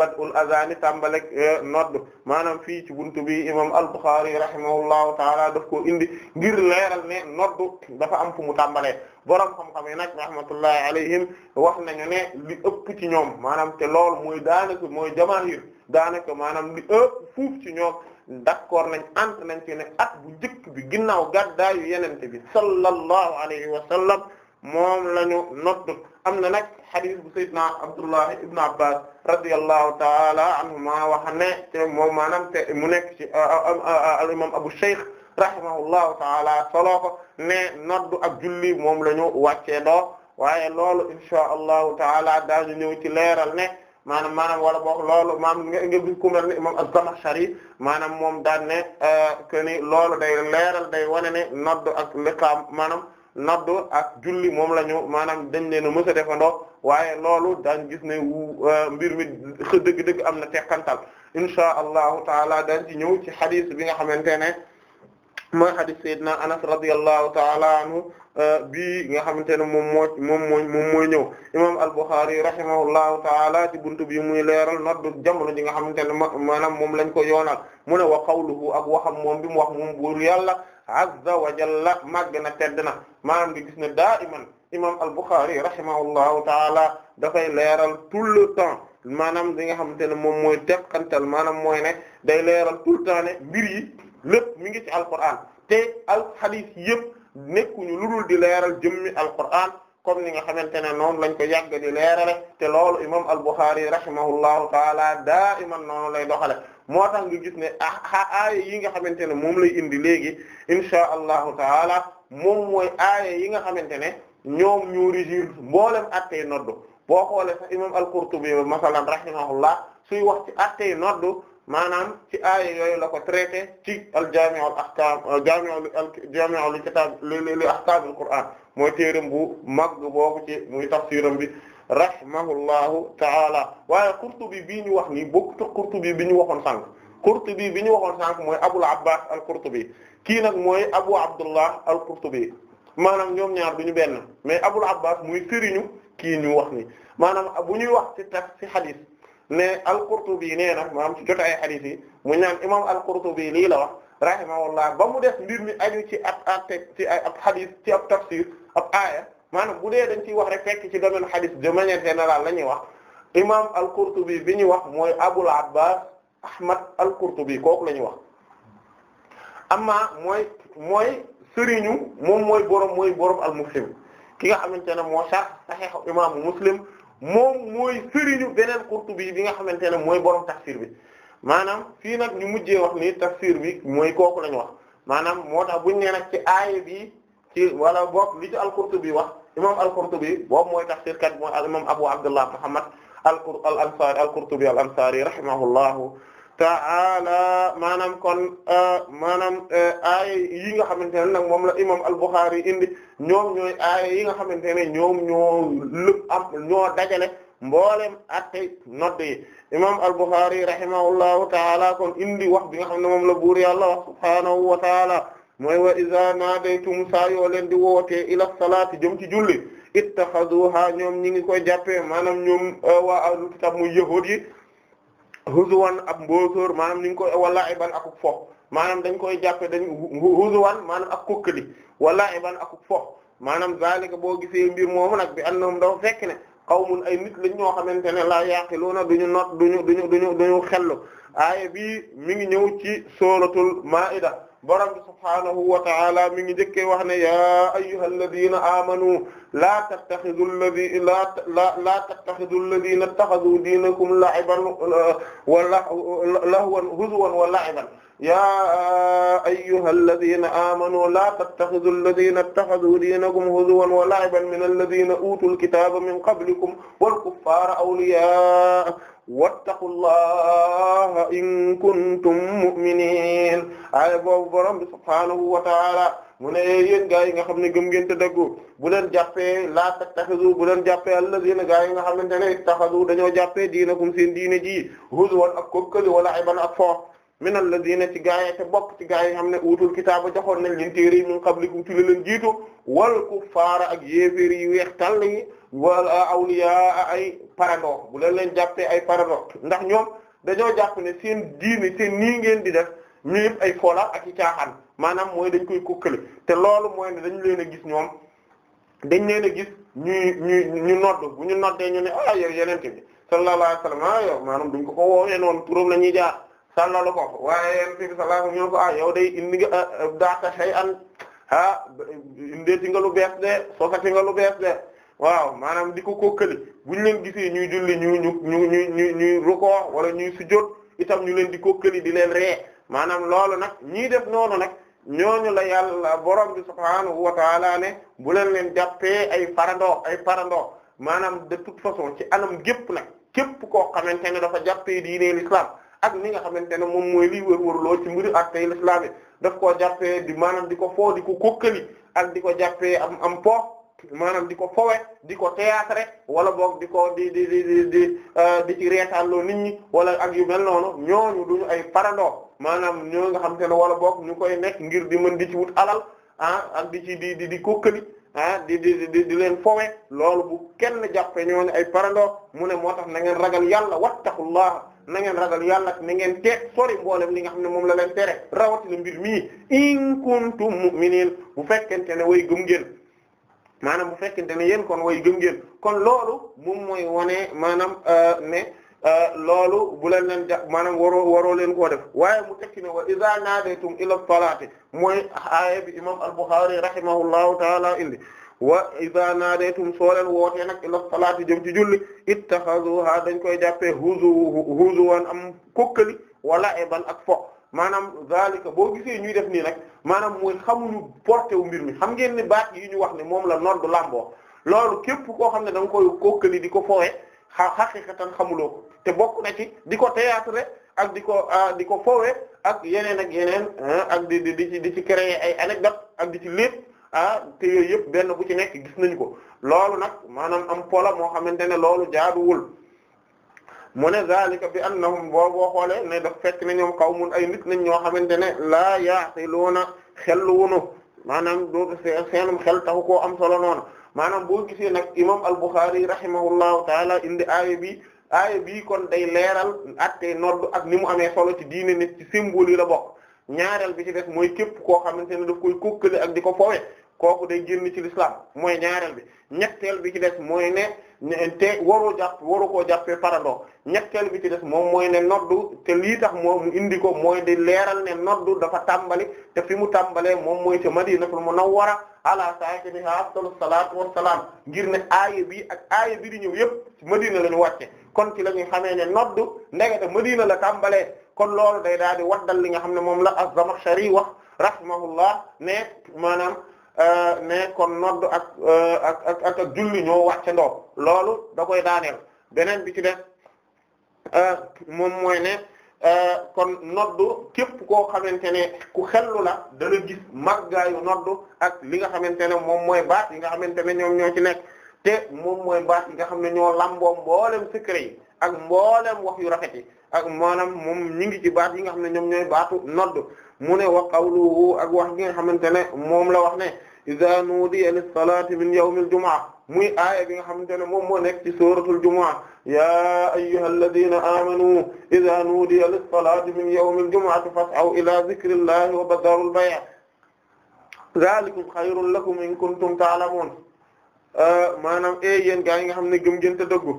B: azani tàmbalek euh, nodd maanaam fii ci buntu bi imam al-Bukhari rahimahullahu taala daf koo indi ngir leeral ne nodd dafa am fu mu tàmbalee borom xam-xam yi nag rahmatullahi alayhim wax nañu ne li ëpp ci ñoom maanaam te loolu mooy daanaka mooy jamaahir daanaka maanaam li ëpp fuuf ci ñoom d'accord nañ ant nañ ci ne at bu njëkk bi ginnaaw gàddaayu yenente bi sallallahu alayhi wa sallam moom la ñu nodd am na nag hadith bu na Abdullah ibn Abbas radiyallahu ta'ala anhuma wax ne mu nekk ci al imam Abu Shaykh rahimahullahu taala soloo ko ne noddu ak julli moom la ñu wàccee doo waaye loolu insha allahu taala daañu ñëw ci leeral ne maanaam maanaam wala boog loolu maam nga nga gis ku mel ne imam az-Zamakhshari maanaam moom daan ne euh, que ni loolu day leeral day wane ne noddu ak liqaam maanaam noddu ak julli moom la ñu maanaam dañ leen a mës a defandoo waaye loolu daan gis ne euh, mbir mi dëgg-dëgg am na teqantal insha allahu taala daan ci ñëw ci hadith bi nga xamante ne mooy hadith Seydina Anas radiyallahu ta'ala anhu euh, bi nga xamante ne moom moo moom moo moom mooy ñëw imam al-Bukhari rahimahullahu ta'ala ci buntu bi muy leeral noddu jamono ji nga xamante ne maanaam moom lañ ko yoonal mu ne wa qawluhu ak waxam moom bi mu wax moom buur yàlla azza wa jalla màgg na tedd na maanaam nga gis ne daa iman imam al-Bukhari rahimahullahu ta'ala dafay leeral tout le temps maanaam li nga xamante ne moom mooy teqantal maanaam mooy ne day leeral tout le temps yi lépp mi ngi ci alquran te al hadith yëpp nekkuñu lu dul di leeral jëmmi alquran comme ni nga xamante ne noonu lañ ko yàgg di leerale te loolu imam al-Bukhari rahimahullahu taala daa iman noonu lay doxale moo tax ngi gis ne ah aaya yi nga xamante ne moom lay indi léegi inshaa allahu taala moom mooy aaya yi nga xamante ne ñoom ñu régir mboolem attey noddu boo xoolee sax imam al-Qurtubi masalan rahimahullah suy wax ci attey noddu maanaam ci aaya yooyu la ko traité ci al jaami'ul ahkaam jaami'ul jaami'ul kitaab li ahkaamil qur'aan mooy téeram bu mag boobu ci muy tafsiram bi rahimahullahu ta'ala waaye Qurtubi bii ñu wax nii bokkut ak Qurtubi bi ñu waxoon sànq Qurtubi bi ñu waxoon sànq mooy Abul Abbas al-Qurtubi kii nag mooy Abu Abdullah al-Qurtubi maanaam ñoom ñaar duñu benn mais Abul Abbas muy sëriñu kii ñu wax ni maanaam bu ñuy wax ci tax ci hadith ne al-Qurtubi nee na maam ci jot ay hadith yi mu ñaan imam al-Qurtubi lii la wax rahimahullah ba mu def mbir mi aju ci ab ab ci ab hadith ci ab tafsir ab aaya maanaam bu dee dañ ciy wax rek fekk ci domaine hadith de manière générale la ñuy wax imam al-Qurtubi bi ñuy wax mooy Abul Abbas Ahmad al-Qurtubi kooku la ñuy wax amma mooy mooy moom mooy borom mooy borom al-Muslim ki nga xamante ne moo sax Sahih imaamu Muslim. moom mooy sëriñu beneen Qurtubi bi nga xamante ne mooy borom tafsir bi maanaam fii nag ñu mujjee wax ni tafsir bi mooy kooku lañu wax maanaam moo tax buñ nee nag ci aaya bi ci wala boog li ci al-Qurtubi wax imam al-Qurtubi boobu mooy tafsir kat mooy al imam Abu Abdullah Muhammad al-Qur al-Ansari al-Qurtubi al-Ansari rahimahullahu ta'ala maanaam kon euh, maanaam euh, aaya yi nga xamante ne nag moom la imam al-Bukhari indi ñoom ñooy yi nga xamante ne ñoom ñoo lëpp am ñoo dajale mboolem atte nodd yi imam al-Bukhari rahimahullahu ta'ala kon indi wax bi nga xam ne moom la buur yàlla wax subhaanahu wa ta'ala mooy wa iza naadaytum saa yoo leen di wootee ila salaati jëm ci julli ittaxaduha ñoom ñi ngi koy jàppee maanaam ñoom euh, waa ahlul kitab muy yahuud huzuwan ab mboosóor maanam ni ngi koy wala iban akuk fo maanam dañ koy jàppe dañ huzuwan maanaam ak kokkali wala iban akuk fo maanaam zalika boo gisee mbir moomu nag bi na annahum dafa fekk kaw qawmun ay nit lañ ñoo xamante ne la yaqiluuna duñu not duñu duñu duñu duñu xellu aaya bii mi ngi ñëw ci suratul maida borom bi subhaanahu wa ta'ala mi ngi njëkkee wax ne yaa ayyuhal ladina amanu laa tattaxidu alladi la la laa tattaxidu alladina ittaxadu diinakum la'iban uh, wa lahwan huzuwan wa la'iban yaa ayyuhal ladina amanu laa tattaxidu alladina ittaxadu diinakum huzuwan wa la'iban min alladina utul kitaaba min qablikum wal kuffaara awliyaa wattaqullaha in kuntum mu'minin aaya boobu borom bi subhaanahu wa taala mu ne yéen gaa yi nga xam ne gëm ngeen te dëggu bu leen jàppee laa tattaxizu bu leen jàppee alladina gaa yi nga xamante ne ittaxazu dañoo jàppee diinakum seen diine ji huzuwan ak kokkali wala iban ak foof minal ladina ci gaa yi te bokk ci gaa yi xam ne utul kitaaba joxoon nañ leen téere min qablikum ci leen jiitu wal kuffaara ak yéeféer yi weex tàll yi wal awliyaa ay parado bu leen leen jàppee ay parado ndax ñoom dañoo jàpp ne seen diine seen nii ngeen di def ñu ay fola ak i caaxaan maanaam mooy dañ koy kukkale te loolu mooy ne dañ leen a gis ñoom dañ leen a gis ñu ñuy ñu nodd bu ñu noddee ñu ne ah yow yeneen bi sallallahu alayhi wasallam ah yow duñ ko ko noonu la ñuy sàllalu ko waaye yonent bi sallallahu ñu ko ah yow day indi nga eh, daata xëy an ah indeeti nga lu bees de sosati nga lu bees de waaw maanaam di ko kokkali ñu leen gisee ñuy julli ñu ñu ñu ñu ñu ñuy rukoo wala ñuy sujjóot itam ñu leen di kokkali di leen ree maanaam loolu nag ñii def noonu nag ñooñu la yàlla boroom bi subhaanahu wa taala ne bu leen leen jàppee ay farandoo ay farandoo maanaam de toute façon ci anam gépp nag képp koo xamante ne dafa jàppee diine l'islam ak ni nga xamante ne moom mooy liy wër-wërloo ci mbiru ak tey lislaam yi daf koo jàppee di maanaam di ko foo di ko kokkali ak di ko jàppee am am po di ko fowe di ko théâtre wala boog di ko di di di di di euh, di ci reetaanloo wala ak yu mel noonu ñooñu duñu ay parando maanaam ñoo nga xamante ne wala boog koy nekk ngir di mën di ci alal ah ak di ci di di di kokkali ah di di di leen fowe loolu bu kenn jàppee ñooñu ay parando mu ne moo tax na ngeen ragal yàlla wattaqullaha na ngeen ragal yàlla na ngeen teet sori mboolem li nga xam ne moom la leen tere rawatina mbir mii in kuntum mu'minin bu fekkente ne way gëm ngeen maanaam bu fekkente ne yéen kon way gëm ngeen kon loolu moom mooy wane maanaam euh, ne euh, loolu bu leen leen ja maanaam waroo waroo leen koo def waaye mu tekki ne wa iza nadaytum ila salaati mooy aaya bi imam al-Bukhari rahimahullahu taala indi wa iza naadaytum soo leen wootee nag ila salaati jëm ci julli ittaxazuha dañ koy jàppee huzu huzuwan am kokkali wala eban ak fo maanaam zalika boo gisee ñuy def nii nag maanaam mooy xamuñu porté wu mbir mi xam ngeen ne baat yi ñu wax ne moom la noddu lamboo loolu képp koo xam ne da nga koy kokkali di ko foowe xa xaqiqatan xamuloo ko te bokk na ci di ko théâtre ak di ko ah, di ko foowe ak yeneen ak yeneen ah, ak di di di ci di ci créer ay anecdote ak di ci lépp ah te yooyu yëpp benn bu ci nekk gis nañ ko loolu nag maanaam am pola moo xamante ne loolu jaaduwul moo ne zalika bi annahum na boo xoolee ne daf fekk ne ñoom kaw mun ay nit nañ ñoo xamante ne laa yaaqiluuna xellu wunu maanaam dootu seenum xel taxu koo am solo noonu maanaam boo gisee nag imam al-Bukhari rahimahullahu taala indi aaya bi aaya bi kon day leeral attey nodd ak ni mu amee solo ci diine nit ci symbole yi la bokk ñaareel bi ci def mooy képp koo xamante ne daf koy kokkale ak di ko fowe kooku day génn ci l'islam mooy ñaareel bi ñetteel bi ci des mooy ne te waru jàpp waru koo jàppee parando ñetteel bi ci des moom mooy ne noddu te lii tax moom indi ko mooy di leeral ne noddu dafa tàmbali te fi mu tàmbalee moom mooy ci Madinatul Munawwara ala saakiniha afdalu salaatu wassalaam gir ne aaya bi ak aaya bi di ñëw yëpp Madina la ñu wàcce kon ci la ñuy xamee ne noddu ndegete Madina la tàmbalee kon loolu day daal di waddal li nga xam ne moom la az-Zamakhshari wax rahimahullah ne maanaam Euh, ne kon nodd ak euh, ak ak ak ak julli ñoo wàccandoo loolu da koy daaneel beneen bi ci def euh, moom mooy ne kon nodd képp koo xamante ne ku xellu la dana gis màggaayu nodd ak li nga xamante ne moom mooy baat yi nga xamante ne ñoom ñoo ci nekk moom mooy baat nga xam ne ñoo lamboo mboolem secret ak mboolem wax yu rafet yi ak maanaam moom ñi ngi ci baat yi nga xam ne ñoom ñooy baatu noddu mu ne wa qawluhu ak wax gi nga xamante ne moom la wax ne iza nudiya lis-salati min yawmil jumu'a muy aaya bi nga xamante ne moom moo nekk ci suratul jumu'a ya ayyuhal ladina amanu iza nudiya lis-salati min yawmil jumu'ati fas'aw ila dhikrillahi wa badharul bay' dhalikum khayrun lakum in kuntum ta'lamun maanaam e yéen gaa yi nga xam ne gëm ngeen te dëggu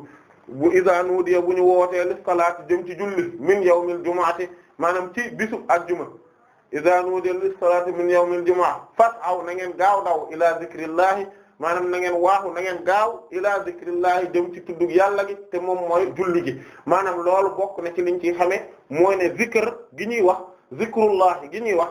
B: bu iza nudiya bu ñu wootee lis-salati jëm ci julli min yawmil jumu'ati maanaam ci bisub àjjuma iza nudiya lis-salati min yawmil jumu'a fas'aw na ngeen gaaw daw ila zikrillahi maanaam na ngeen waaxu na ngeen gaaw ila zikrillahi jëm ci tuddug yàlla gi te moom mooy julli gi maanaam loolu bokk na ci liñ ciy xamee mooy ne zikr gi ñuy wax zikrullahi gi ñuy wax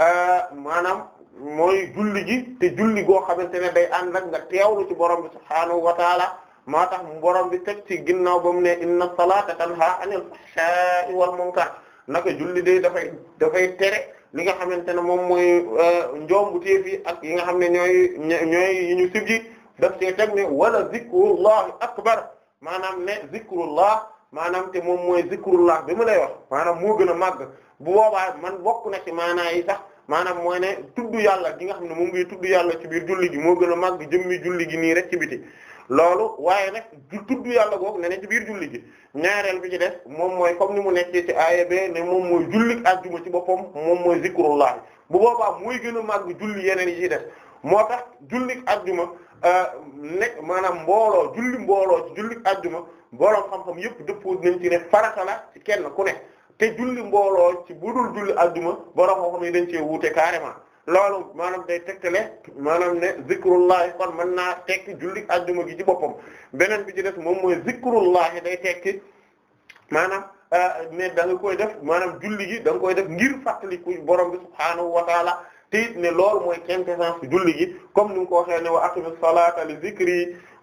B: euh, maanaam mooy julli gi te julli goo xamante ne day ànd nag nga teewlu ci borom bi subhaanahu wa taala maa tax borom bi teg ci ginnaaw ba mu ne inna salata tanha anil fahsha'i wal munkar naka julli day dafay dafay tere li nga xamante ne moom mooy euh, njombu téef yi ak yi nga xam ne ñooy ñooy yi ñu siggi daf ci teg ne wala zikrullahi akbar maanaam ne zikrullah maanaam te moom mooy zikrullah bi mu lay wax maanaam moo gën a màgg bu boobaa man bokk na ci maanaa yi sax maanaam mooy ne tudd yàlla gi nga xam ne moom ngay tudd yàlla ci biir julli gi moo gën a màgg jëmmi julli gi nii rek ci loolu waaye nag tudd yàlla googu ne ci biir julli gi ñaareel bi ci def moom mooy comme ni mu nekkee ci aaya bi ne moom mooy julli àjjuma ci boppam moom mooy zikrullah bu boobaa muy gën a màgg julli yeneen yi ci def moo tax julli àjjuma euh, nekk maanaam mbooloo julli mbooloo ci julli àjjuma mbooloo xam-xam yëpp dëppoo nañ ci ne farata la ci kenn ku ne te julli mbooloo ci budul julli àjjuma borom xam-xam yi dañ cee wuute carrément loolu maanaam day tegtale maanaam ne zikrullahi kon mën naa tekki julli ajjuma gi ci boppam beneen bi ci def moom mooy zikrullahi day tekki maanaam mais euh, da nga koy def maanaam julli gi da nga koy def ngir fàttaliku borom bi subhaanahu wa taala te it ne loolu mooy quintessence julli gi comme ni nga ko waxee ne wa aqimis salata li zikri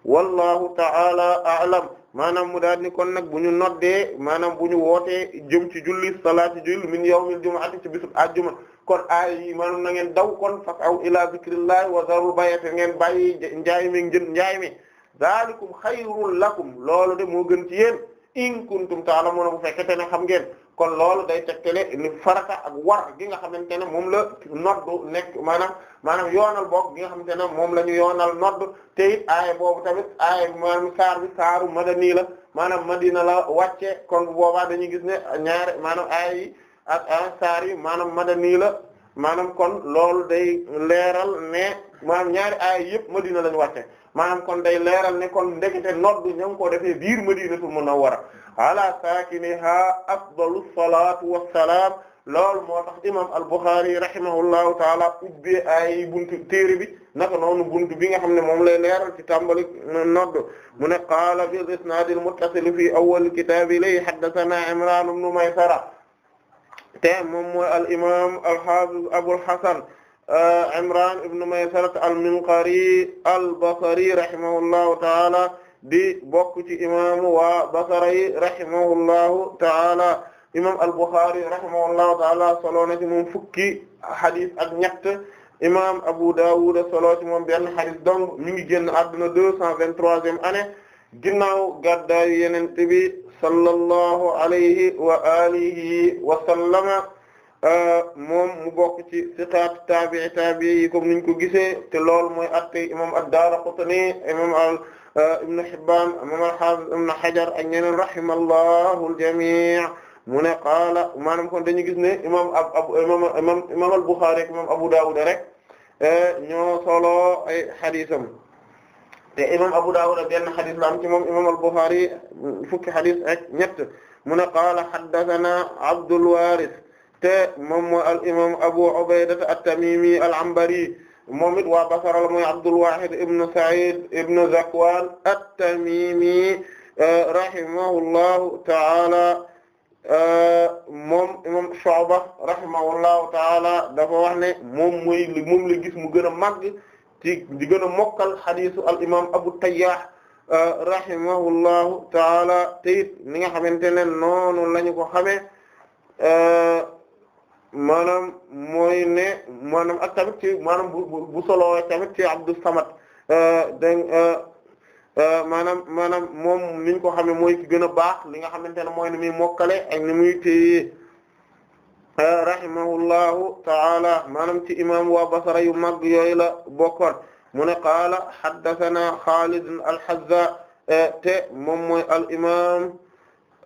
B: wallahu taala a'lam maanaam mu daal ni kon nag bu ñu noddee maanaam bu ñu wootee jëm ci julli salaati julli min yawmil jumu'ati ci bisub àjjuma kon aay yi maanaam na ngeen daw kon fas aw ila zikrillahi wa zarul bay'ata ngeen bàyyi njaay mi jën njaay mi zalikum xayrul lakum loolu de moo gën ci yéen in kuntum ta'lamun bu fekkete ne xam ngeen kon loolu day tegtale ni farata ak war gi nga xamante ne moom la noddu nekk maanaam maanaam yoonal boog gi nga xamante ne moom la ñu yoonal noddu te it boobu tamit aaya maanaam saar bi saaru madani la maanaam madina la wàcce kon boobaa dañuy gis ne ñaare maanaam aaya yi yi maanaam madani la maanaam kon loolu day leeral ne maanaam ñaari aaya yëpp madina la ñu wàcce maanaam kon day leeral ne kon ndekete noddu ña ngi koo defee biir madinatul munawwara ala saakiniha afdalu salaatu wassalaam loolu moo tax imam al-Bukhari rahimahullahu taala ubbee ay buntu téere bi naka noonu buntu bi nga xam ne moom lay leeral ci tàmbali nodd mu ne qaala bil isnaad al-muttasil fi awwal kitaab ilay haddathana Imraan ibn Maysara te moom mooy al imam al-Haafiz Abul Hasan Imran ibn Maysara al-Minqari al-Basri rahimahullahu ta'ala di bokk ci imaamu waa Basra yi rahimahullahu imam al-Bukhari rahimahullahu ta'ala solo na ci fukki hadith ak ñett imam Abu Dawud solo ci moom benn hadith donc mi ngi génn àdduna deux cent vingt-troisième année ginnaaw gàddaayu Yonent bi sallallahu alayhi wa alihi wa sallama Euh, moom mu bokk ci siqaat taabi'i taabi'i yi comme niñ ko gisee te loolu mooy atte imam ad-Daaraqutni imam al euh, ibn Hibbaan imam al-Haafiz ibn Hajar ak ñeneen rahimallahu al-jamii' mu ne qaala maanaam kon dañu gis ne imam ab ab imam imam al-Buxaari ak imam Abu Daawud rek euh, ñoo solo ay xadisam te imam Abu Daawud benn xadis la am ci moom imam al-Buxaari fukki xadis ak ñett mu ne qaala haddasanaa Abdul Waaris te moom mooy al imam Abu Ubayda at-Tamimi al-Anbari moom it waa Basra mooy Abdul Wahid ibn Sa'id ibn Zakwan at-Tamimi euh, rahimahullahu ta'ala euh, ta'ala moom moom la gis mu gën a màgg ci di gën a mokkal hadisu al imam Abu Tayyah euh, rahimahullahu ta'ala te it ni nga xamante ne noonu lañu ko xamee maanaam mooy ne maanaam ak tamit ci maanaam bu bu solo tamit ci Abdus Samad euh, dégg euh, euh, maanaam maanaam moom niñ ko xamee mooy ki gën a baax li nga xamante ne mooy ni muy mokkale ak ni muy téye rahimahullahu taala maanaam ci imam waa Basra yu mag yooyu la bokkoon mu ne qaala haddathana Xaalid al-Hazza te moom mooy al imam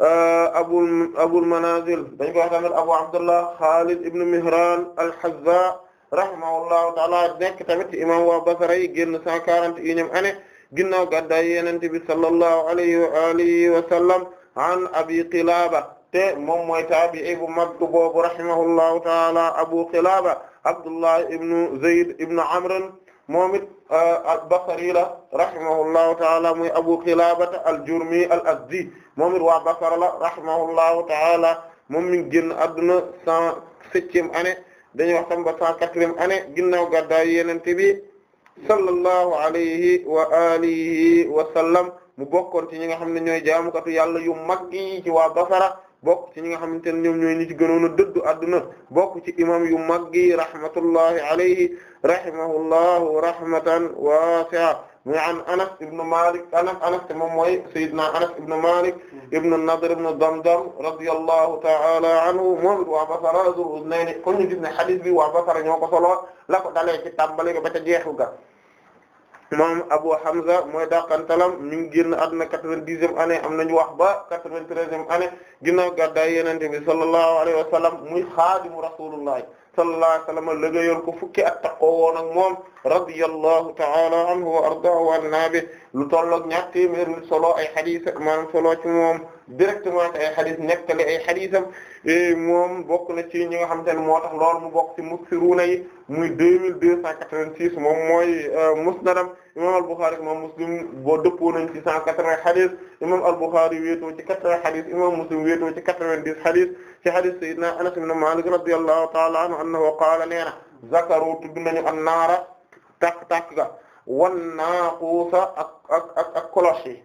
B: Abul Abul Manazil dañ koy wax tamit Abu Abdullah Khalid ibn Mihran al-Hazza rahimahullahu ta'ala nekk tamit imam waa Basra yi génn cent quarante et unième année ginnaaw gàddaay Yonent bi sallallahu alayhi wa alihi wa sallam an Abi Qilaba te moom mooy taabi'i bu mag boobu rahimahullahu ta'ala Abu Qilaba Abdullah ibn Zayd ibn Amr moom it Euh, al-Basri la rahimahullahu ta'ala muy Abu Qilabata al-Jurmi al-Azdi moom it waa Basra la rahimahullahu ta'ala moom mi ngi génn àdduna cent septième année dañuy wax tam ba cent quatrième année ginnaaw gàddaay Yonent bi sallallahu alayhi wa alihi wa sallam mu bokkoon ci ñi nga xam ne ñooy jaamukatu yàlla yu mag yi ci waa Basra bokk ci ñi nga xamante ne ñoom ñooy ñi ci gënoon a dëddu àdduna bokk ci imam yu mag yi rahmatullahi rahimahullahu rahmatan wasi'a mu an Anas ibn Malik Anas Anas te moom mooy Seydina Anas ibn Malik ibn Nadr ibn Damdam radiyallahu ta'ala anhu moom waa Basra Zul Uznayni kon ñu gis ne hadith bi waa Basra ñoo ko solo la ko dalee ci tàmbali ba ca jeexu ga moom Abu Hamza mooy dàqantalam mi ngi génn àdduna quatre-vingt-dixième année am nañu wax ba quatre-vingt-treizième année ginnaaw gàddaay Yonent bi sallallahu alayhi wa sallam muy xaadimu Rasulullah sallallahu alayhi wa sallam liggéeyal ko fukki at taqoo woon ak moom radiyallahu ta'ala anhu wa ardaahu wa anna bi lu tolloog ñaar téeméer lu solo ay xadis maanaam solo ci moom directement ay xadis nekkale ay xadisam moom bokk na ci ñi nga xamante ne moo tax lool mu bokk ci muksiruna yi muy deux mille deux cent quatre-vingt-six moom mooy euh, musnadam imam al-Bukhari imam Muslim boo dëppoo nañ ci cent quatre-vingts xadis imam al-Bukhari wéetoo ci quatre-vingts xadis imam Muslim wéetoo ci quatre-vingt-dix xadis ci hadith sayyidina Anas ibn Malik radiyallahu ta'ala anhu annahu qaala nee na zakaru tudd nañu an-naara tàkk-tàkk ga wan naaquusa ak ak ak ak cloche yi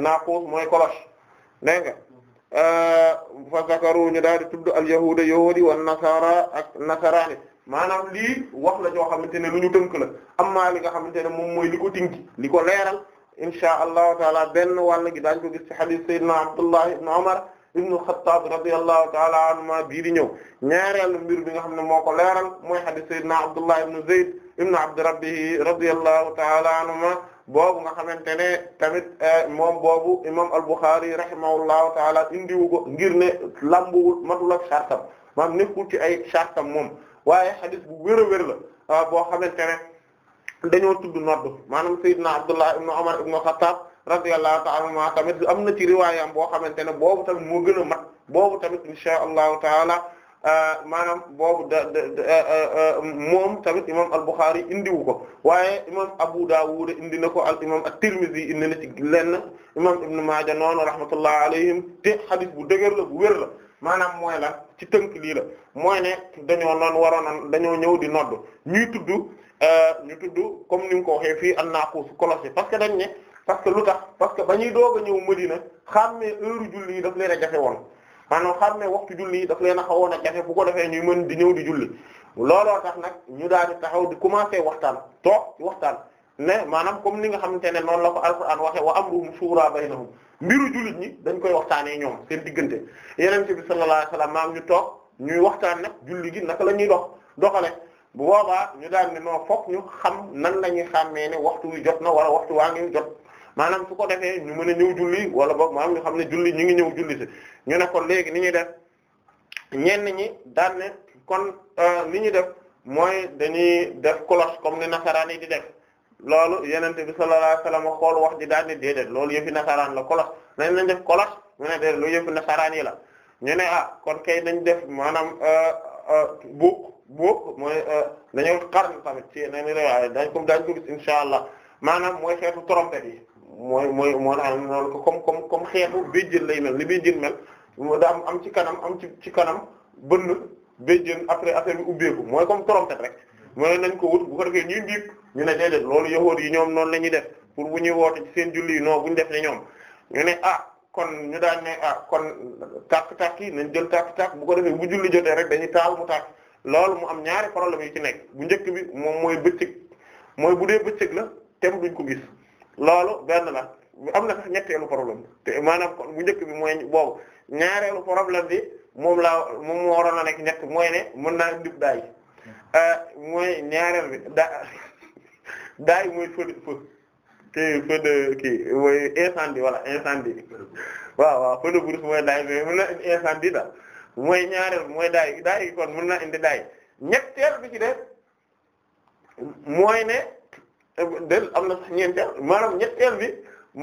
B: naaquus mooy cloche dégg nga fa zakaru ñu daal di tudd al-yahuuda yahuudi wan nasaara ak nasaraani maanaam lii wax la joo xamante ne lu ñu tënk la amma li nga xamante ne moom mooy li ko tinki li ko leeral insha allahu taala benn wàll gi daañ ko gis ci hadith sayyidina Abdullah ibn Umar ibnu Xattaab radiyallahu ta'ala anhuma bii di ñëw ñaareelu mbir bi nga xam ne moo ko leeral mooy hadith sayyidina Abdullah ibnu Zayd ibnu Abdi Rabbihi radiyallahu ta'ala anhuma boobu nga xamante ne tamit eh, moom boobu imam al-Bukhari rahimahullahu ta'ala indiwu ko ngir ne lambuwul matul ak sartam maanaam nekkul ci ay sartam moom waaye hadith bu wér a wér la ah, boo xamante ne dañoo tudd nodd maanaam sayyidina Abdullah ibnu Umar ibnu Xattaab radiyallahu ta'ala anhuma tamit am na ci riwaayam boo xamante ne boobu tamit moo gën a mat boobu tamit insha allahu taala euh, maanaam boobu da euh, euh, moom tamit imam al-Bukhari indiwu ko waaye imam Abu Dawud indi na ko al imam at-Tirmidhi indi na ci lenn imam Ibn Maaja noonu rahmatullah alayhim te xadis bu dëgër la bu wér la maanaam mooy la ci tënk lii la mooy dañoo noon waroon dañoo ñëw di nodd ñuy tudd ñu tudd comme ni mu ko waxee fii an-naaqus kolosé parce que dañ ne parce que lu tax parce que ba ñuy doog a ñëw Medina xam ne heure julli yi daf leen a jafe woon maanaam xam ne waxtu a xawoon a ko defee ñuy di ñëw di julli looloo tax nag ñu daal di taxaw di commencer waxtaan toog waxtaan ne maanaam comme ni nga xamante ne noonu la ko alquran waxe wa amruhum shura koy waxtaanee ñoom seen diggante yeneen bi sallallahu alayhi wasallam ñu toog ñuy waxtaan nag julli gi naka la ñuy dox doxale bu boobaa ñu daal ne non fokk ñu xam nan la ñuy xàmmee ne waxtu wi jot na wala waxtu waa ngi jot maanaam su ko defee ñu mën a ñëw julli wala boog maanaam ñu xam ne julli ñu ngi ñëw julli si ñu ne kon léegi ni ñuy def ñenn ñi daan ne kon euh, li ñuy def mooy dañuy def cloche comme ni nasaraan yi di def loolu yenente bi sallallahu alayhi wasallam xool wax ji daan ne déedéet loolu yëfi nasaraan la cloche nañ lañ def cloche mu ne déedéet nasaraan yi la ñu ne ah kon kay dañ def maanaam euh, euh, buuk buuk mooy dañoo xarn tamit ci yeneen riwaaya dañ ko dañ ko gis insha allah maanaam mooy xeetu trompette yi mooy mooy moo tax noonu ko comme comme comme xeetu béjjën lay mel be béjjën mel moo daa am ci kanam am ci ci kanam bënn béjjën après affaire bi ubbeeku mooy comme trompette rek mooy nañ ko wut bu ko defee ñu ne déedéet loolu yahood yi ñoom noonu la ñuy def pour bu ñuy woote ci seen julli yi non bu ñu def ne ñoom ñu ne ah kon ñu daan ne ah kon tàkk-tàkk yi nañ jël tàkk-tàkk bu ko defee bu julli jotee rek dañuy taal mu tàkk loolu mu am ñaari problème yi ci nekk bu njëkk bi moom mooy bëccëg mooy bu dee bëccëg la tem duñ ko gis loolu benn la am na sax ñetteelu problème te maanaam kon bu njëkk bi mooy boobu ñaareelu problème bi moom laa moom moo waroon a nekk ñett mooy ne mën naa dib daay hmm. euh, mooy ñaareel bi da daay mooy feu de feu kii feu de kii mooy incendie voilà incendie waaw waaw feu de brousse mooy daay mais mën na indi incendie daal mooy ñaareel mooy daay daay kon mën naa indi daay ñetteel bi ci def mooy ne del am na sax ñeenteel maanaam ñetteel bi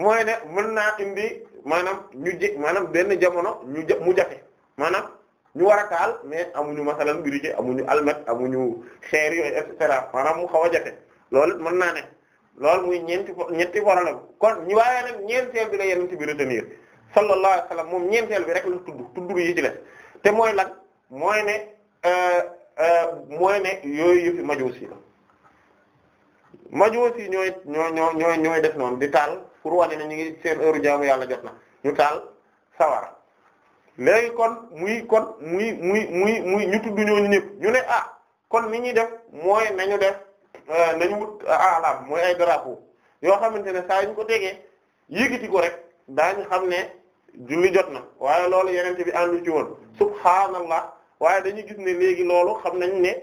B: mooy ne mën naa indi maanaam ñu ji maanaam benn jamono ñu ja mu jafe maanaam ñu war a taal mais amuñu masalan briquet amuñu almet amuñu xeer yooyu et cetera maanaam mu xaw a jafe loolu mën naa ne loolu muy ñeenti ñetti problème kon ñi waaye nag ñeenteel bi la yenente bi retenir sallallahu alayhi wasallam moom ñeenteel bi rek la tudd tudd yi ci def te mooy lan mooy ne euh, euh, mooy ne yooyu yëfi majuus yi la majuusi ñooy ñooy ñooy ñooy def noonu di taal pour wane na ñu ngi seen heure jaamu yàlla jot na ñu taal sawara léegi kon muy kon muy muy muy muy ñu tudd ñu ñëpp ñu ne ah kon ni ñuy def mooy nañu def euh, nañu wut euh, ah, alam mooy ay drapeau yoo xamante ne saa ñu ko tegee yëkkati ko rek daañu xam ne julli jot na waaye loolu yeneen bi àndu ci woon subhaanallah waaye dañuy gis ne léegi loolu xam nañ ne.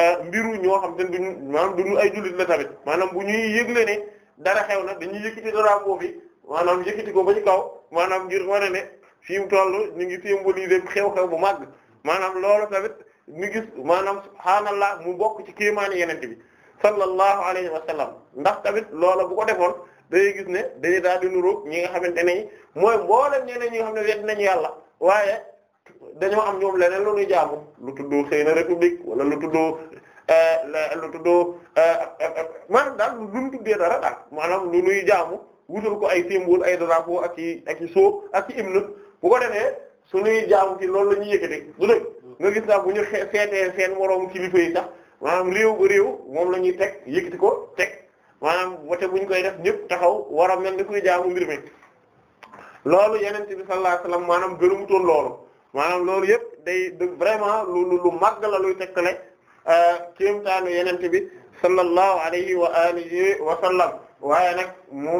B: Euh, mbiru ñoo xam te ne duñu maanaam duñu ay jullit la tamit maanaam bu ñuy yëgle ne dara xew na dañuy yëkkati drapeau bi maanaam yëkkati ko ba ci kaw maanaam ngir wane ne fi mu toll ñu ngi symboliser xew-xew bu màgg maanaam loolu tamit ñu gis maanaam subhaanallah mu bokk ci kéemaani yenente bi sallallahu alayhi wa ndax tamit loola bu ko defoon day gis ne dañuy daal di nuróog ñi nga xamante ne mooy mboolem ñeneen ñi nga xam ne wedd nañu yàlla waaye dañoo am ñoom leneen lu ñuy jaamu lu tudd xëy na république wala lu tudd euh, lu tudd euh, maanaam daal lu dara daal maanaam lu ñuy jaamu wutal ko ay symbole ay drapeau ak i ak i soo ak i hymne bu ko defee suñuy jaamu ci loolu lañuy ñuy du dëgg nga gis naa bu ñu seetee seen moroom kilifa yi sax maanaam réew ba réew moom la ñuy teg yëkkati ko teg maanaam wote bu koy def ñëpp taxaw war a mel ni kuy jaamu mbir mi loolu yeneen bi sallallahu alayhi wasallam maanaam gënumu toon loolu maanaam loolu yëpp day vraiment lu lu màgg la luy tekkale euh, kéemtaanu yenente bi sallallahu alayhi wa alihi wa sallam waaye nag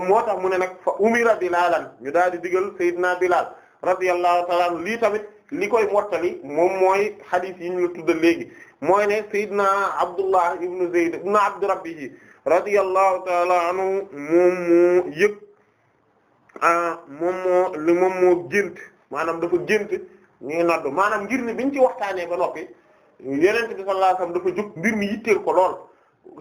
B: moo tax mu ne nag fa umira bilalan ñu daal di digal sayyidina bilal radiyallahu ta'ala anhu lii tamit li koy mottali moom mooy hadith yi ñu la léegi mooy ne sayyidina abdullah ibnu zayd ibnu abdu rabbihi radiyallahu ta'ala anhu moom moo yëg ah, moom moo li moom moo gént maanaam dafa gént ñuy noddu maanaam ngir ni biñ ci waxtaanee ba noppi yenente bi sallallahu alayhi wasallam dafa jóg mbir mi yitteel ko lool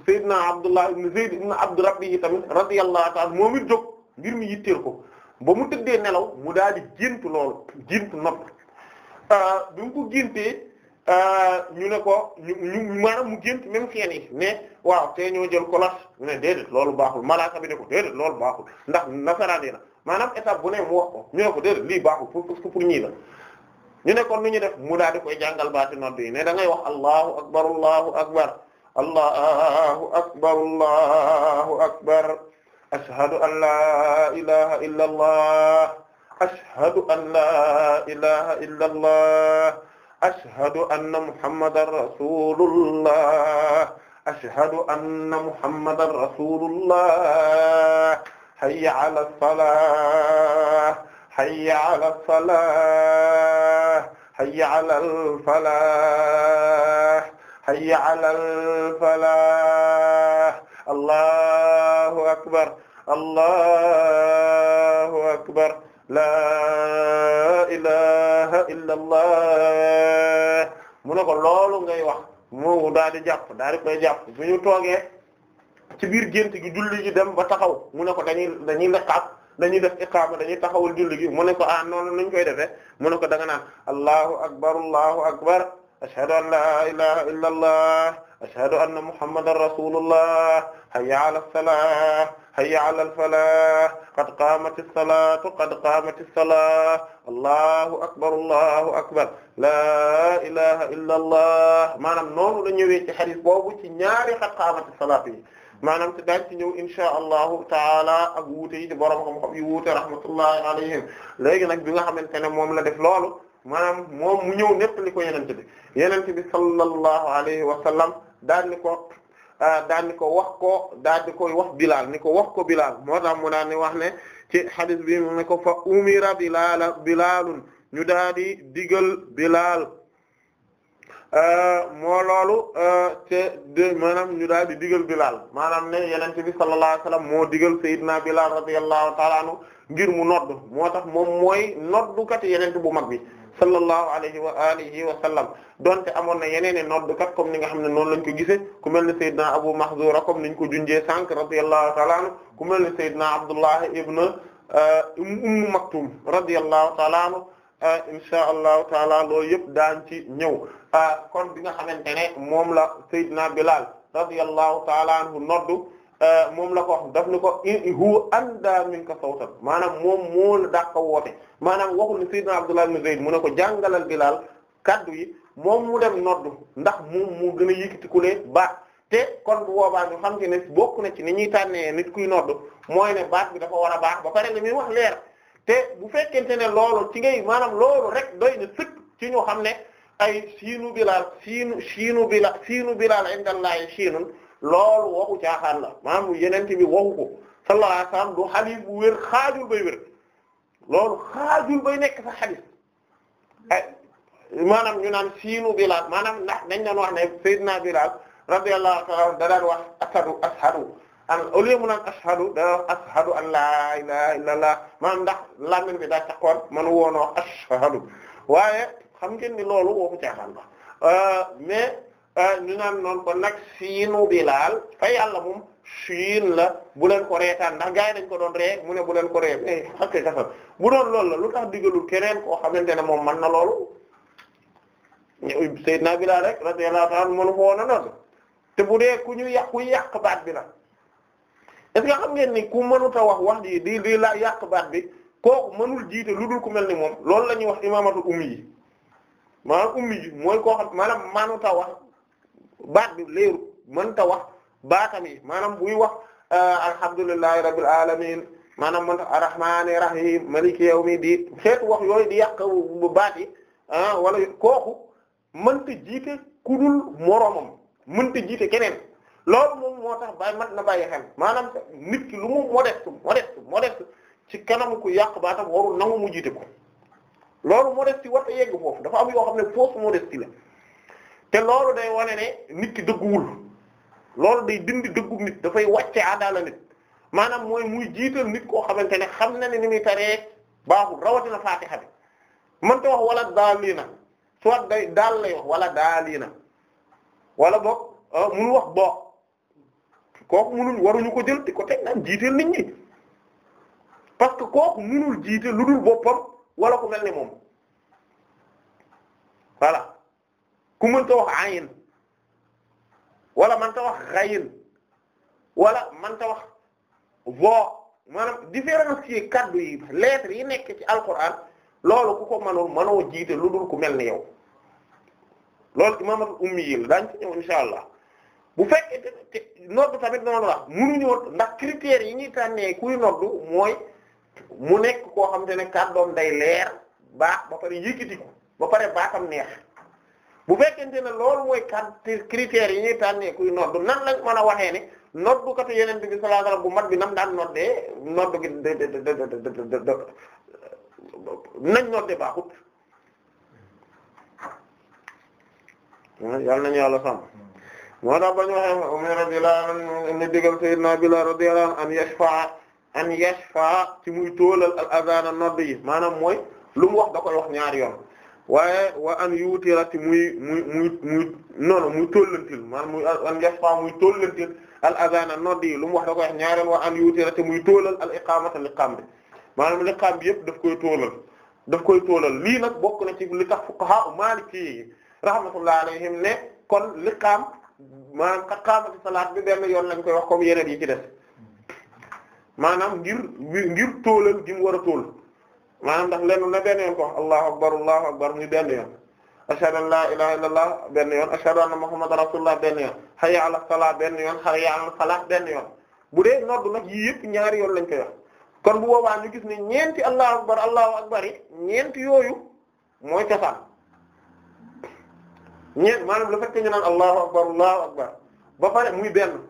B: Seydina Abdullah ibn Zayd ibn Abd Rabbi yi tamit radiyallahu ta'ala moom it jóg mbir mi yitteel ko ba mu tëddee nelaw mu daal di gént loolu gént nodd euh, bi mu ko géntee euh, ñu ne ko ñu ñu maanaam mu gént même xeen yi ne waaw te ñoo jël kolas ne déedéet loolu baaxul malaaka bi ne ko déedéet loolu baaxul ndax nasaraan yi la maanaam étape bu ne mu wax ko ñu ne ko déedéet lii baaxul pour parce que pour ñii la ñu ne kon nu ñu def mu daal di koy jàngal baati nodd yi ne da ngay wax allahu akbar allahu akbar allahu akbar allahu akbar ashhadu an la ilaha illa allah ashhadu an la ilaha illa allah ashhadu anna muhammadan rasulullah ashhadu anna muhammadan rasulullah hayya ala salah hayya a salaah hayya ala falaah hayya ala falaah allahu akbar allahu akbar laa ilaha illa allah mu ne ko loolu ngay wax mu daal di jàpp daal di koy jàpp bu ci biir gént gi julli gi dem ba mu ne ko dañuy dañuy dañuy def iqaama dañuy taxawul julli gi mu ne ko ah noonu nuñ koy defee mu ne ko da nga naan allahu akbar allahu akbar ashhadu an la ilaha illa allah ashhadu anna muhammadan rasulullah hayya ala salah hayya ala falah qad qaamati salatu qad qaamati salah allahu akbar allahu akbar la ilaha illa allah maanaam noonu la ñëwee ci hadith boobu ci ñaari qad qaamati salatu yi maanaam te daañ ci ñëw inshaa allahu taala ak wuute yi ci borom xam-xam yi wuute rahmatullahi alayhim léegi nag bi nga xamante ne moom la def loolu maanaam moom mu ñëw nettali ko yenente bi yenente bi sallallahu alayhi wa sallam daal ni ko ah, daal ko wax ko daal di koy wax Bilaal ni ko wax ko Bilaal moo tax mu daal ni wax ne ci xadis bi mu ne ko fa umira Bilaal Bilaalun ñu daal di digal Bilaal Euh, moo loolu euh, te de maanaam ñu daal di digal Bilaal maanaam ne Yonent bi sallallahu alayhi wasallam moo digal Seydina Bilaal radiyallahu ta'ala anhu ngir mu nodd moo tax moom mooy noddukat Yonent bu mag bi sallallahu alayhi wa alihi wa sallam donte amoon na yeneen noddukat comme ni nga xam ne noonu lañ ko gisee ku mel ne Seydina Abu Mahzura comme niñ ko junjee sànq radiyallahu ta'ala anhu ku mel ne Seydina Abdullah ibn euh, Ummu Maktum radiyallahu ta'ala anhu Ah, insha allahu taala loolu yëpp daan ci ñëw ah, kon bi nga xamante ne moom la Seydina Bilal radiyallahu taala anhu noddu ah, moom la ko wax daf ni ko huwa anda minka sawtan maanaam moom mu la dàqa woote maanaam waxul ne Seydina Abdullah ibn Zayd mu ne ko jàngalal Bilal kaddu yi moom mu dem noddu ndax moom moo gën a ku yëkkatikulee baat te kon bu boobaa ñu xam te ne bokk na ci ni ñuy tànnee nit kuy noddu mooy ne baat bi dafa war a baax ba pare li muy wax leer te bu fekkente ne loolu ci ngay maanaam loolu rek doy na sëkk ci ñu xam ne ay siinu bilaal siinu siinu bilaal siinu bilaal indallahi siinun loolu waxu caaxaan la maanaam yeneen bi waxu ko sallallahu alayhi wasallam du xadiis bu wér xaajul bay wér loolu xaajul bay nekk sax xadiis ay maanaam ñu naan siinu bilaal maanaam ndax dañ wax ne sayyidina bilaal radiyallahu ta'ala da daan wax ashadu ashadu an au lieu mu naan ashhadu daa ashhadu an laa ilaha illa allah maanaam ndax bi daa taxoon man woon wax ashhadu waaye xam ngeen ni loolu woo ko caaxaan ba euh, mais euh, ñu naan noonu ko nag siinu bilaal fa yàlla moom siin la bu leen ko reetaan ndax gars yi dañ ko doon ree mu ne bu leen ko ree mais xakke bu doon loolu la lu tax digalul keneen koo xamante ne moom mën na loolu Seydina Bilaal rek radiyallahu ta'ala mënu ko woon a noonu te bu dee ku ñu yàq ku baat bi la est-ce que xam ngeen ni ku mënut a wax wax ji di di la yàq baat bi kooku mënul jiite lu dul ku mel ni moom loolu la ñuy wax imaamatul ummi yi maanaam ummi yi mooy koo xam maanaam mënut a wax baat bi leeru mënut a wax baatam yi maanaam buy wax euh, alhamdulillahi rabbil alamin maanaam mënut a arrahmaani rahim maliki yawmi diin xeetu wax yooyu di yàq baat yi ah wala kooku mënta jiite ku dul moroomam mënta jiite keneen. loolu moom moo tax bàyyi mat na bàyyi xel maanaam nit ki lu mu modeste modeste ci kanam ku yàq baatam warul nangu mu jiite ko loolu modestie war a yegg foofu dafa am yoo xam ne fausse modestie la te loolu day wane ne nit ki dëgguwul loolu day dindi dëggu nit dafay wàcce àdaala nit maanaam mooy muy jiital nit koo xamante ne xam na ne ni muy taree baaxul rawatina faatixa bi mën ta wax wala daali na soit day daal lay wax wala daali na wala boog euh, mënu wax boog kooku munuñ waruñu ko jël di ko teg naan jiiteel nit ñi parce que kooku munul jiite lu dul boppam wala ku mel ni moom voilà ku mënta wax ayin wala mënta wax xayin wala mënta wax voo maanaam différencier kaddu yi lettres yi nekk ci alquran loolu ku ko mënul mënoo jiite lu dul ku mel ni yow loolu imam al ummi yi la daañu ci ñëw insha bu fekkee te nodd tamit noonu wax munuñoo ndax critères yi ñuy tànnee kuy nodd mooy mu nekk koo xam te ne kàddoom day leer baax ba pare yëkkatiku ba pare baatam neex bu fekkente ne loolu mooy carte critères yi ñuy tànnee kuy nodd nan lañ mën a waxee ne noddukatu yeneen bi sallallahu alayhi wasallam bu mat bi nam daan noddee nodd gi nañ nodde baaxut yàlla nañu yàlla sàmm moo tax ba ñu waxee Umar radiyallahu anhu ni digal an yashfa an ci muy toolal al azana nodd yi maanaam mooy lu mu wax da koy wax ñaari yoon waaye wa an yuutira ci muy muy muy muy noonu muy tollantil muy an yashfa muy tollantil al azana nodd yi lu mu wax da koy wax ñaari wa an yuutira ci muy toolal al iqamata liqaam bi maanaam liqaam bi yëpp daf koy toolal daf koy toolal lii nag bokk na ci li tax fuqaha maliki yi rahmatullahi alayhim ne kon liqaam maanaam qad qaamati salaat bi benn yoon lañ koy wax comme yeneen yi ci def maanaam ngir ngir tóolal gi mu war a tóol maanaam ndax lenn na benn yoon ko allahu akbar allahu akbar muy benn yoon ashhadu an la ilaha illallah benn yoon ashhadu anna muhammadan rasulullah benn yoon hayya ala salaat benn yoon hayya ala salaat benn yoon bu dee noddu nag yii yëpp ñaari yoon lañ koy kon bu boobaa ñu gis ne ñeenti allahu akbar allahu akbar ñeenti yooyu mooy cosaan ñeent maanaam le fait que ñu naan allahu akbar allahu akbar muy benn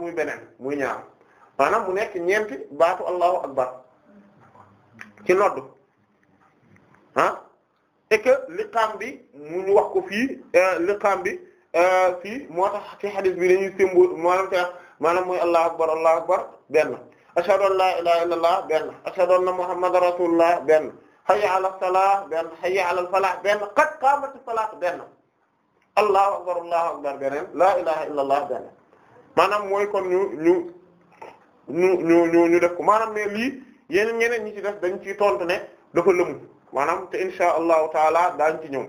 B: muy beneen muy ñaar maanaam mu nekk ñeenti baatu allahu akbar ci nodd ah et que liqaam bi mu ñu wax ko fii euh, liqaam bi euh, fii moo tax ci xadis bi dañuy sémbo maanaam ca maanaam mooy allahu akbar allahu akbar benn ashhadu an la ilaha illallah benn ashhadu anna muhammadan rasulullah benn hayya ala salaah benn hayya ala falaah benn qad qaamati salaah benn allahu akbar akbar beneen laa ilaha illa beneen maanaam mooy kon ñu ñu ñu ñu def ko maanaam ne lii yéen ñeneen ñi ci def dañ ciy tontu ne dafa lëmu maanaam te insha allahu taala daañ ci ñëw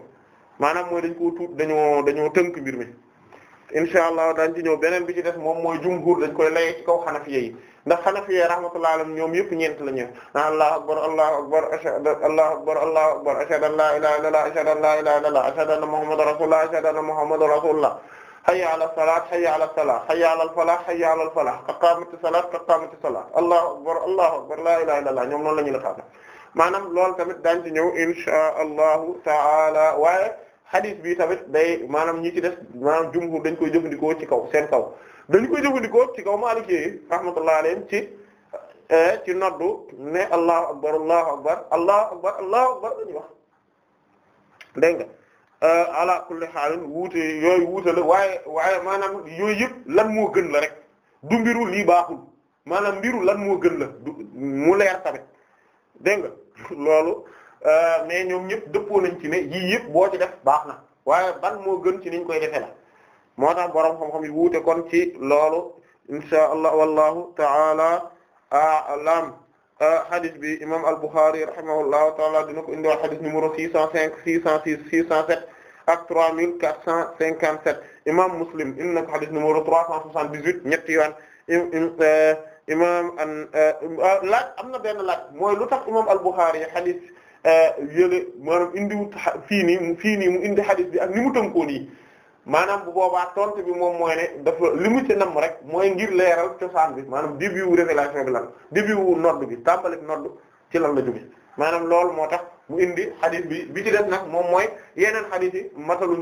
B: maanaam mooy dañ koo tuut dañoo tënk mbir mi insha allah daañ ci ñëw beneen bi ci def moom mooy jumhur dañ koy laye ci kaw xanafiye yi ndax Hanafi rahmatullahi alayhim ñoom yëpp ñeent la ñu Allahu akbar Allahu akbar ashhadu Allahu akbar Allahu akbar ashhadu an la ilaha illallah ashhadu an la ilaha illallah ashhadu anna muhammadar rasulullah ashhadu anna muhammadar rasulullah hayya ala salat hayya ala salah hayya ala falah hayya ala falah qad qamati salat qad qamati salat Allahu akbar Allahu akbar la ilaha illallah ñoom noonu la ñu la xaar maanaam loolu tamit daañu ci ñëw insha allahu taala waaye hadith bi tamit day maanaam ñi ci des maanaam jumhur dañ koy jëfandikoo ci kaw seen kaw dañu koy jëfandikoo ci kaw Maliki yi rahmatullahi alayhim ci eh, ci noddu ne allahu akbar allahu akbar allahu akbar allahu akbar dañuy wax dégg nga eh, ala kulli xaalin wuute yooyu wuute la waaye waaye maanaam yooyu yëpp lan moo gën la rek du mbiru lii baaxul maanaam mbiru lan moo gën la du mu leer tamit dégg nga loolu eh, mais ñoom ñëpp dëppoo nañ ci ne yii yëpp boo ci def baax na waaye ban moo gën ci niñ koy defee la moo tax borom xam-xam yi wuute kon ci loolu insha allah wallahu taala a'lam hadith bi imam al-Bukhari rahimahullahu taala dina ko indiwaat hadith numéro 605 606 607 ak 3457 imam Muslim indi na ko hadith numéro 378 ñetti yoon eh, imam an eh, laaj am na benn laaj mooy lu tax imam al-Bukhari hadith eh, yële maanaam indiwut fii nii fii nii mu indi bi ak ni mu tënkoon maanaam bu boobaa tontu bi moom mooy ne dafa li mu ci nam rek mooy ngir leeral cosaan bi maanaam début wu révélation bi lan début wu nodd bi tàmbali nodd ci lan la jóge maanaam loolu moo tax mu indi xadis bi bi ci def nag moom mooy yeneen xadis yi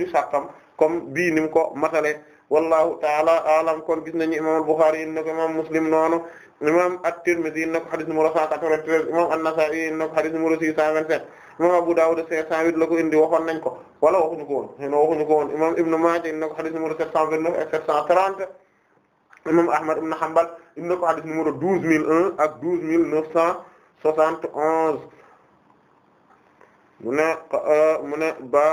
B: ñu sàttam comme bii ni mu ko matale wallahu taala alam kon gis nañu imam al-Bukhari in na ko imam Muslim noonu imam at-Tirmidhi in na ko xadis numéro 193 imam an-Nasa'i in na ko xadis numéro 627 imam Abu Dawud 508 la ko indi waxoon nañ ko wala waxuñu ko woon xëy na waxuñu ko woon imam Ibn Maaja indi na ko hadith numéro 729 ak 730 imam Ahmad ibn Hanbal indi na ko hadith numéro 12001 ak 12971 mu ne mu ne ba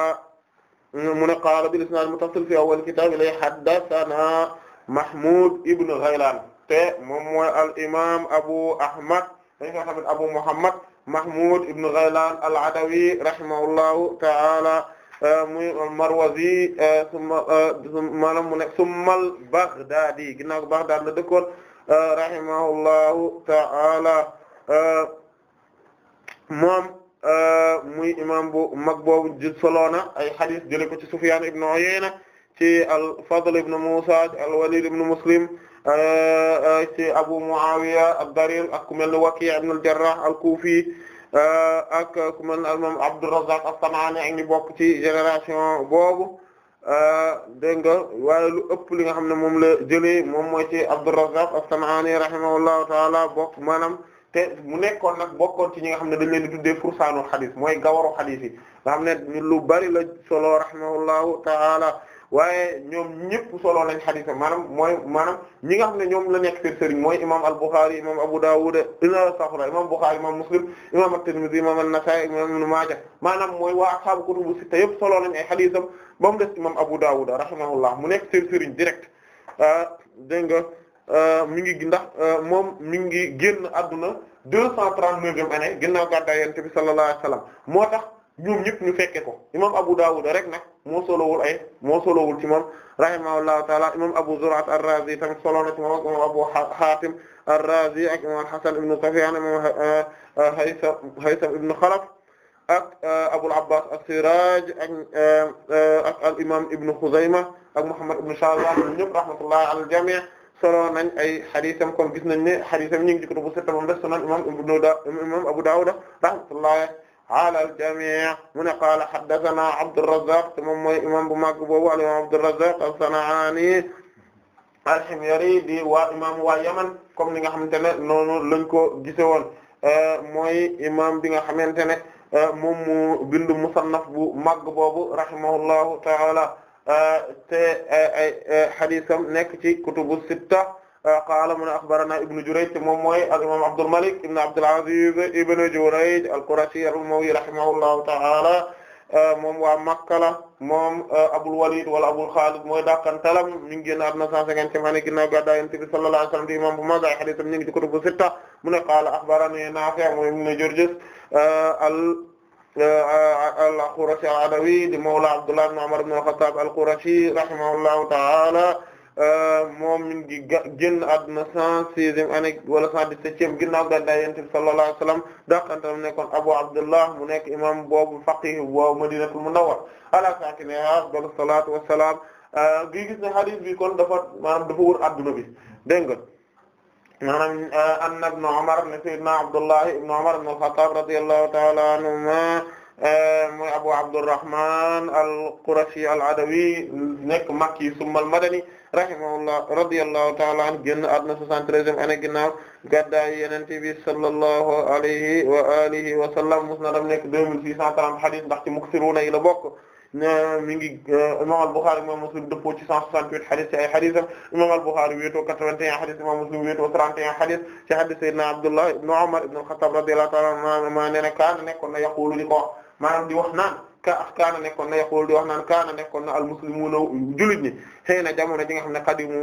B: mu ne qaala bil isnaad muttasil fi awwal kitaab ilay haddathana Mahmoud ibn Ghaylan te moom mooy al imam Abu Ahmad dañ koy Abu Muhammad Mahmoud ibn Ghaylan al-Adawi rahimahullahu ta'ala euh, muy al-Marwazi euh, summa euh, maanaam mu ne summal Baghdadi ginnaaw Baghdad la dëkkoon rahimahullahu ta'ala moom muy imam bu mag boobu jël soloona ay hadis jëlee ko ci Sufyan ibn Uyayna ci al-Fadl ibn Musa al-Walid ibn Muslim Euh, euh, ci Abu Muawiya ad-Darir ak ku mel ne Waki' ibn al-Jarrah al-Kufi euh, ak ku mel ne al-imam Abdurrazzaq as-San'ani ak ñi bokk ci génération boobu dégg nga waaye lu ëpp li nga xam ne moom la jëlee moom mooy ci Abdurrazzaq as-San'ani rahimahullahu ta'ala bokk maanaam te mu nekkoon nag bokkoon ci ñi nga xam ne dañ leen di tuddee fursaanu xadis mooy gawaru xadis yi nga xam ne lu bari la solo rahimahullahu ta'ala waaye ñoom ñëpp solo nañ xadis maanaam mooy maanaam ñi nga xam ne ñoom la nekk seen sëriñ mooy imam al-Bukhari imam Abu Dawud astaghfirullah imam Bukhari imam Muslim imam at-Tirmidhi imam an-Nasa'i imam Ibn Majah maanaam mooy waa ashaabu kutubu sitta yëpp solo nañ ay xadisam ba mu des imam Abu Dawud rahimahullah mu nekk seen sëriñ direct ah, dégg nga ah, mi ngi ndax ah, moom mi ngi génn adduna deux cent trente-neuvième année ginnaaw gàddaay Yonent bi sallallahu alayhi wasallam moo tax ñoom ñëpp ñu fekke ko imam Abu Dawud rek nag moo solowul ay moo solowul ci moom rahimahullahu taala imam Abu Zur'at ar-Razi tamit solo na ci moom ak imam Abu Hatim ar-Razi ak imam Hasan ibn Sufyan imam euh, Haytham Haytham ibn Khalaf ak euh, Abul Abbas as-Siraj ak euh, ak al imam Ibn Khuzaymah ak Muhammad ibn Shahab ñëpp rahmatullahi ala al-jami' solo nañ ay xadisam kon gis nañ ne xadisam ñu ngi ci kutubu sitta moom imam Abu Dawud rahmatullahi ala al-jamii' mu ne qaala haddathanaa Abdurrazzaaq te moom mooy imaam bu mag boobu al imaam Abdurrazzaaq as-San'aani al-Himyari di waa imaam waa Yaman comme ni nga xamante ne noonu lañ ko gisee woon euh, mooy imaam bi nga xamante ne euh, moom mu bind musannaf bu mag boobu rahimahullahu ta'ala euh, te ay ay hadiisam nekk ci kutubu sitta. qaala mu ne axbarana ibnu Jurayj te moom mooy al imam Abdul Malik ibn Abdul Aziz ibn Jurayj al-Qurashi al-Umawi rahimahullahu ta'ala moom waa Makka la moom Abul Walid wala Abul Khalid mooy dàqantalam mi ngi génn àdduna 150 ani ginnaaw gàddaay Yonent bi sallallahu alayhi wa sallam di imam bu mag ay hadiisam ñu ngi ci kutubu sitta mu ne qaala axbarani Naafi' mooy ibn Jurjis al al-Qurashi al-Adawi di mawla Abdullah ibn Umar ibn al-Khattab al-Qurashi rahimahullahu ta'ala Euh, moom mi ngi génn àdduna cent seizième année wala cent dix-septième ginnaaw gàddaay Yonent bi sallallahu alayhi wasallam dakantam nekkoon Abu Abdullah mu nekk imam boobu faqih wa Madinatul Munawwara ala saakinihaa afdalu salaatu wa salaam euh, gi gis ne hadith bi kon dafa maanaam dafa wër adduna bi dégg nga maanaam euh, anna ibn Umar ne sayyidina Abdullah ibn Umar ibn al-Khattab radiyallahu ta'ala anhuma mooy Abu Abdurrahman al-Qurashi al-Adawi nekk Makki summa al-Madani rahimahullah radiyallahu ta'ala anhu génn àdduna 73e année ginnaaw gàddaay Yonent bi sallallahu alayhi wa alihi wa sallam musnadam nekk 2630 hadith ndax ci muksiruna yi la bokk mi ngi euh, imam al-Bukhari imam Muslim dëppoo ci 168 hadith ci ay haditham imam al-Bukhari wéetoo 81 hadith imam Muslim wéetoo 31 hadith ci hadith Sayyidina Abdullah ibn Umar ibn al-Khattab radiyallahu ta'ala anhu maa nee na kaan nekkoon na yaqulu di ko maanaam di wax naan ka kaana nekkoon na yaqul di wax naan kaana nekkoon na al muslimuna jullit ñi xëy na jamono ji nga xam ne qadimu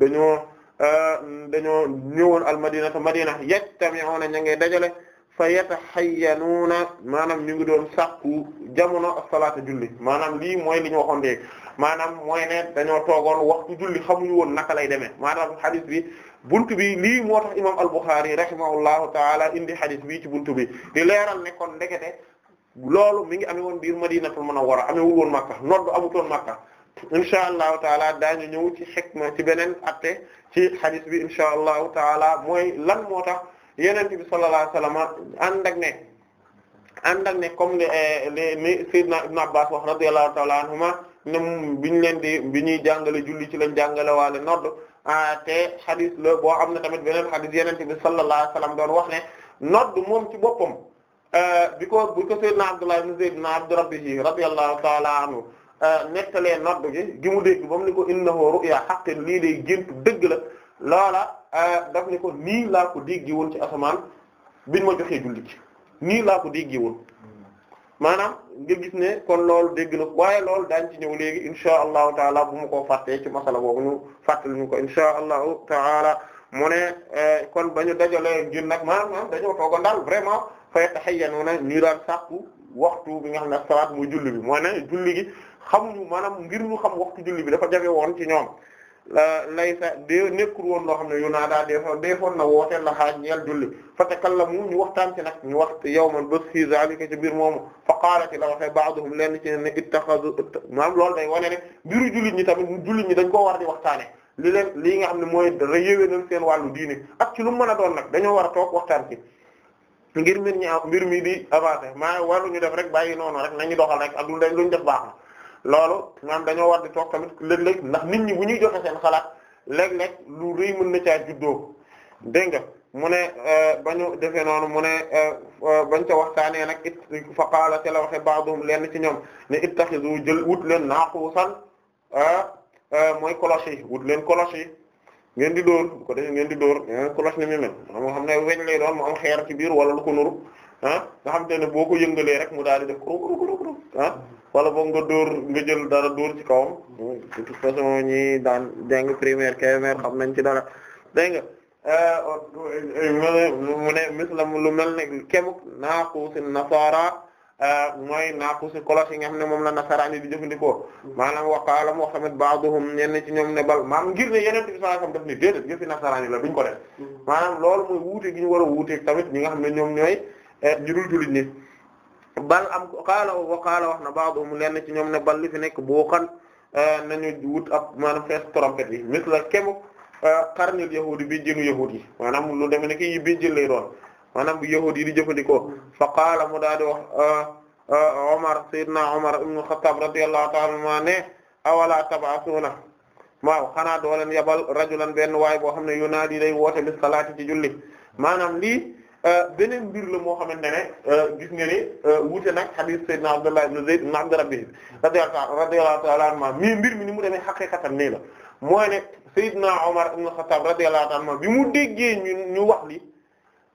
B: dañoo euh, dañoo ñëwoon al madinata madina yajtami'una ña ngay dajale fa yatahayyanuuna maanaam ñu ngi doon sàkku jamono as-salaata julli maanaam lii mooy li ñu waxoon léegi maanaam mooy ne dañoo toogoon waxtu julli xamuñu woon naka lay demee maanaam hadith bi buntu bi lii moo tax imaam al-Bukhari rahimahullahu ta'ala indi hadith bi ci buntu bi di leeral nekkoon kon loolu mi ngi amee woon biir a Munawwara amewul woon Makka noddu amutoon Makka insha allahu taala daañu ñëw ci ma ci beneen atte ci hadith bi insha allahu taala mooy lan moo tax yonent bi sallallahu alayhi wasallam ànd ne ànd le ni Seydina Ibn Abbas wax radiyallahu taala anhuma ne biñ leen di bi ñuy jàngale julli ci lañ jàngale waale nodd ah, te hadith la boo am ne tamit beneen hadith yonent bi sallallahu alayhi wasallam wax ne nodd moom ci boppam Euh, bi ko bi ko sayyidna Abdullah ibn Zayd ibn Abd Rabbihi radiyallahu ta'ala anhu euh, nettalee nodd gi gi mu dégg ba mu ni ko innahu ru'ya haqqin lii day gént dëgg la loola euh, daf ni ko nii laa ko déggi woon ci asamaan biñ ma joxee julli ci nii laa ko déggi woon maanaam nga gis ne kon loolu dégg na waaye loolu daañ ci ñëw léegi insha allahu taala bu mu koo fàttee ci masala boobu ñu fàttali ñu ko insha allahu mu ne kon ba ñu dajalee ngir nag maanaam dañoo tooga daal vraiment fa yatahayyana ñu daan sàkku waxtu bi nga xam ne as-salaat muy julli bi moo ne julli gi xamuñu maanaam ngir ñu xam waxtu julli bi dafa jafe woon ci ñoom laysa de nekkul woon loo xam ne yu naa daa defoon defoon na wooteel la xaaj ñeel julli fa takallamu ñu waxtaan ci nag ñu wax yawman bés fi zalika ci biir moomu fa qaala ci la waxee ba'duhum lenn ci ne ittakhadhu maam loolu day wane ne mbiru jullit ñi tamit jullit ñi dañ koo war di waxtaane li leen lii nga xam ne mooy dara yéwénal seen wàllu diine ak ci lu mën a doon nag dañoo war a toog waxtaan ci ngir mbir ñi mbir mi di avancé maanaam waruñu def rek bàyyi noonu rek nañu doxal rek ak lu dañ luñ def baax na loolu maanaam dañoo war di toog tamit léeg-léeg ndax nit ñi bu ñuy joxe seen xalaat léeg-léeg lu rëy mën na caa juddoo dégg nga mu ne euh, ba ñu defee noonu mu ne euh, euh, bañ ca waxtaanee nag it fa qaala te la waxee ba'dhum lenn ci ñoom ne ittaxizu jël wut leen naaquusan mooy cloche wut leen cloche ngeen di dóor bu ko defee ngeen di dóor cloche eh, ni mi mel xam ne weñ lay doon mu am xeer ci biir wala lu ko nuru ah, nga xam te boo ko yëngalee rek mu daal di def krogrogrogrog ah wala boog nga dóor nga jël dara dóor ci kawam de toute façon ñi daan jàng primaire KMR xam nañ ci dara dégg nga eh, mu ne mislam lu mel ne kemuk naaku si nasara Euh, mooy naaqusi kolos yi nga xam ne moom la nasaraan yi di jëfandikoo mm-hmm. maanaam waqaala moo xamit ba'duhum ñenn ci ñoom ne bal maanaam ngir ne yeneen bi sallallahu alayhi wasallam daf ni déedéet yëfi nasaraan yi la duñ ko def mm-hmm. maanaam loolu mooy wuute gi ñu war a tamit ñi nga xam ne ñoom ñooy jurul eh, jullit ni bal am qaala waqaala wax na ba'duhum lenn ci ñoom ne bal li fi nekk boo xam eh, nañu wut ab maanaam fees trompette yi misla kemu eh, xarnil yahudi bi jënu yahudi yi maanaam lu demee ne ki jël lay doon maanaam bu yahuud yi di jëfandikoo fa qaala mu daal di wax ah, ah, Omar Seydina Omar ibn Khattab radiyallahu ta'ala anhu ne awala tab'asuna waaw xanaa yabal rajulan benn waay boo xam ne yunaadi day woote bis salaati ci julli maanaam lii e beneen mbir la moo xamante ne e gis nga ni wuute nag hadith Seydina Abdullah ibn Zayd ibn Abd Rabbih radiyallahu ta'ala anhu mii mbir mi ni mu demee xaqiqatan nii la mooy ne Seydina Omar ibn Khattab radiyallahu ta'ala anhu bi mu déggee ñu ñu wax li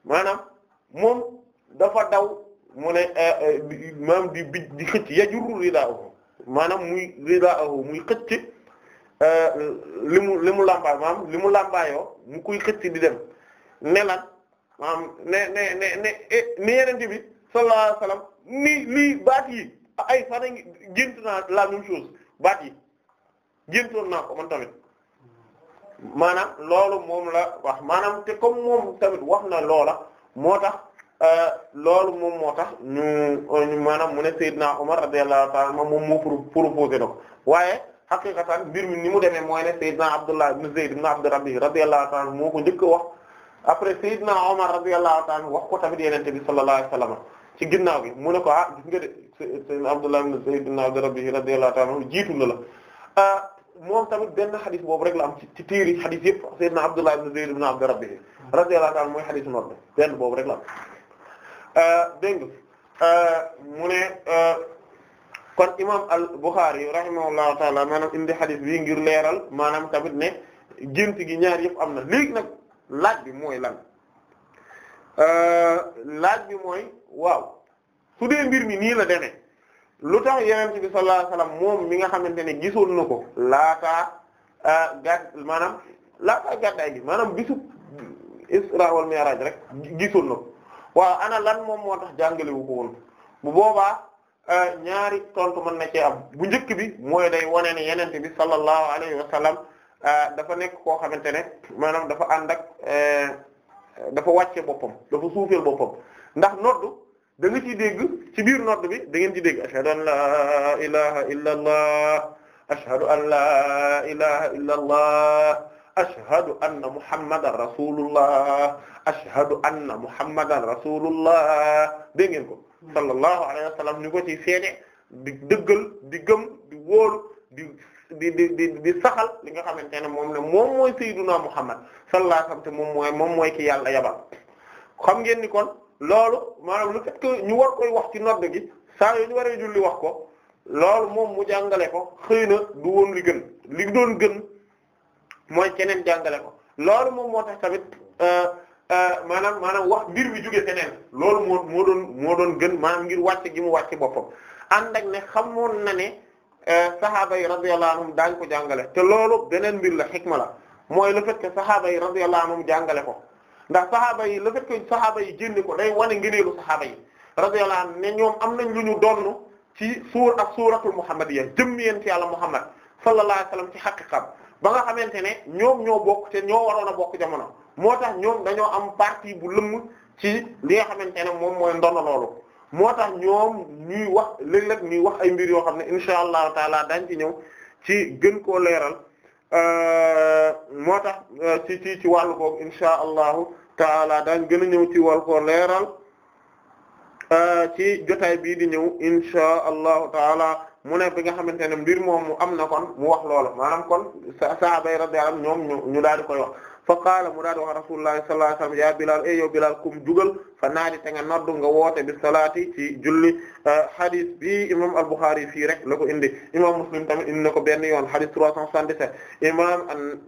B: maanaam moom dafa daw mu ne eh, eh, maanaam di bij di xëcc yajurru ridaahu maanaam muy ridaahu muy xëcc eh, li mu li mu làmbaay maanaam li mu làmbaayoo mu koy xëcc di dem ne lan maanaam ne ne ne ne ne yeneen bi sallallahu alayhi wasallam ni lii baat yi ay fan gént naa la même chose baat yi géntoon naa ko tamit maanaam loolu moom la wax maanaam te ko moom tamit wax na loola moo tax euh, loolu moom moo tax ñu maanaam mu ne Seydina Omar radiyallahu ta'ala moom mu proposé na ko waaye xaqiqatan mbir mi ni mu demee mooy ne Seydina Abdullah ibn Zayd ibn Abd Rabbi radiyallahu ta'ala moo ko njëkk a wax après Seydina Omar radiyallahu ta'ala wax ko tamit Yonent bi sallallahu alayhi wasallam ci ginnaaw gi mu ne ko ah gis nga de Seydina Abdullah ibn Zayd ibn Abd Rabbi radiyallahu ta'ala jiitu na la. Euh, moom tamit benn xadis boobu rek la am ci ci tiiri xadis yëpp sayyidina Abdullah ibn Zayd ibn Abd Rabbih radiyallahu ta'ala mooy xadisu nodd benn boobu rek la am euh, euh, mu ne euh, kon imam al-Bukhari rahimahullahu ta'ala maanaam indi xadis bi ngir leeral maanaam tamit ne jint gi ñaar yëpp am na léegi nag laaj bi mooy lan laaj bi mooy waaw su dee mbir mi nii la demee lu tax yenente bi sallallahu alayhi moom mi nga xamante ne gisoon na ko laataa euh, gàtt maanaam laataa gàddaay gi maanaam gisub isra wal mi'raj rek gisoon na waaw ana lan moom moo tax jàngalewu ko woon bu boobaa euh, ñaari tontu mën na cee am bu njëkk bi mooy day wane ne yenente bi sallallahu alayhi wasallam euh, dafa nekk koo xamante ne maanaam dafa ànd ak dafa wàcce boppam dafa suufeel boppam ndax noddu da nga ciy dégg ci biir nodd bi da ngeen ci dégg ashhadu an la ilaha illa allah ashhadu an la ilaha illa allah ashhadu anna muhammadan rasulullah ashhadu anna muhammadan rasulullah dégg ngeen ko hmm. sallallahu alayhi wa sallam ni ko ci seede di dëggal di gëm di wóolu di di di di di saxal li nga xamante ne moom ne moom mooy sayyiduna muhammad sallallahu alayhi wa sallam te moom mooy moom mooy ki yàlla yabal xam ngeen ni kon loolu maanaam lu fait que ñu war koy wax ci nodd gi saa yu ñu waree julli wax ko loolu moom mu jàngale ko xëy na du woon li gën li doon gën mooy keneen jàngale ko loolu moom moo tax tamit euh, euh, maanaam maanaam wax mbir bi jóge feneen loolu moo moo doon gën maanaam ngir wàcc gi mu wàcc boppam ànd ak ne xamoon na ne euh, sahaaba yi radiyallahu anhum daañ ko jàngale te loolu beneen mbir la xikma la mooy le fait que sahaaba yi radiyallahu anhum jàngale ko ndax saxaaba yi le fait que saxaaba yi génne ko day wane ngëneelu saxaaba yi radiyallahu anhu ne ñoom am nañu lu ñu donn ci suur ak suuratul muhammadiyya jëmm yéen ci yàlla muhammad sallallahu alayhi wasallam ci haqiqam ba nga xamante ne ñoom ñoo bokk te ñoo waroon a bokk jamono moo tax ñoom dañoo am parti bu lëmm ci li nga xamante ne moom mooy ndono loolu moo tax ñoom ñuy wax léeg-léeg ñuy wax ay mbir yoo xam ne insha allah taala dañ ci ñëw ci gën ko leeral Euh, moo tax euh, ci ci ci wàllu boog insha allahu taala daañ gën ñëw ci wàll ko leeral euh, ci jotaay bii di ñëw insha allahu taala mu ne bi nga xamante ne mbir moom mu am na kon mu wax loolu maanaam kon sahaaba yi radiyallahu anhum ñu daal di koy wax fa qaala mu daa di rasulullahi sallallahu alayhi ya Bilal e yow kum jugal fa naadi te nga nga woote bi salaati ci julli euh, hadith i imam al-Bukhari fii rek la indi imam Muslim tamit indi na ko benn yoon hadith 377 imam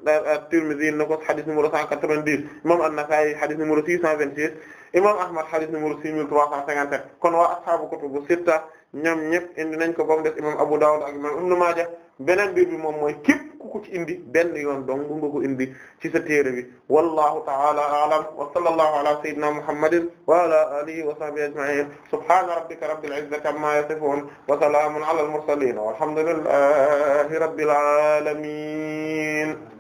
B: at-Tirmidhi indi na ko hadith numéro 190 imam an-Nasa'i hadith numéro 626 imam Ahmad hadith numéro 6357 kon waa ko kutubu sitta ñoom ñëpp indi nañ ko ba mu des imam Abu Dawud ak imam Maaja beneen mbir bi moom mooy képp ku ko ci indi benn yoon donc mu nga ko indi ci sa téere bi wallahu ta'ala a'lam wa sallallahu ala sayyidina muhammadin wa ala alihi wa sahbihi ajma'in subhana rabbika rabbil izzati amma yasifun wa salamun ala al mursalin walhamdulillahi rabbil alamin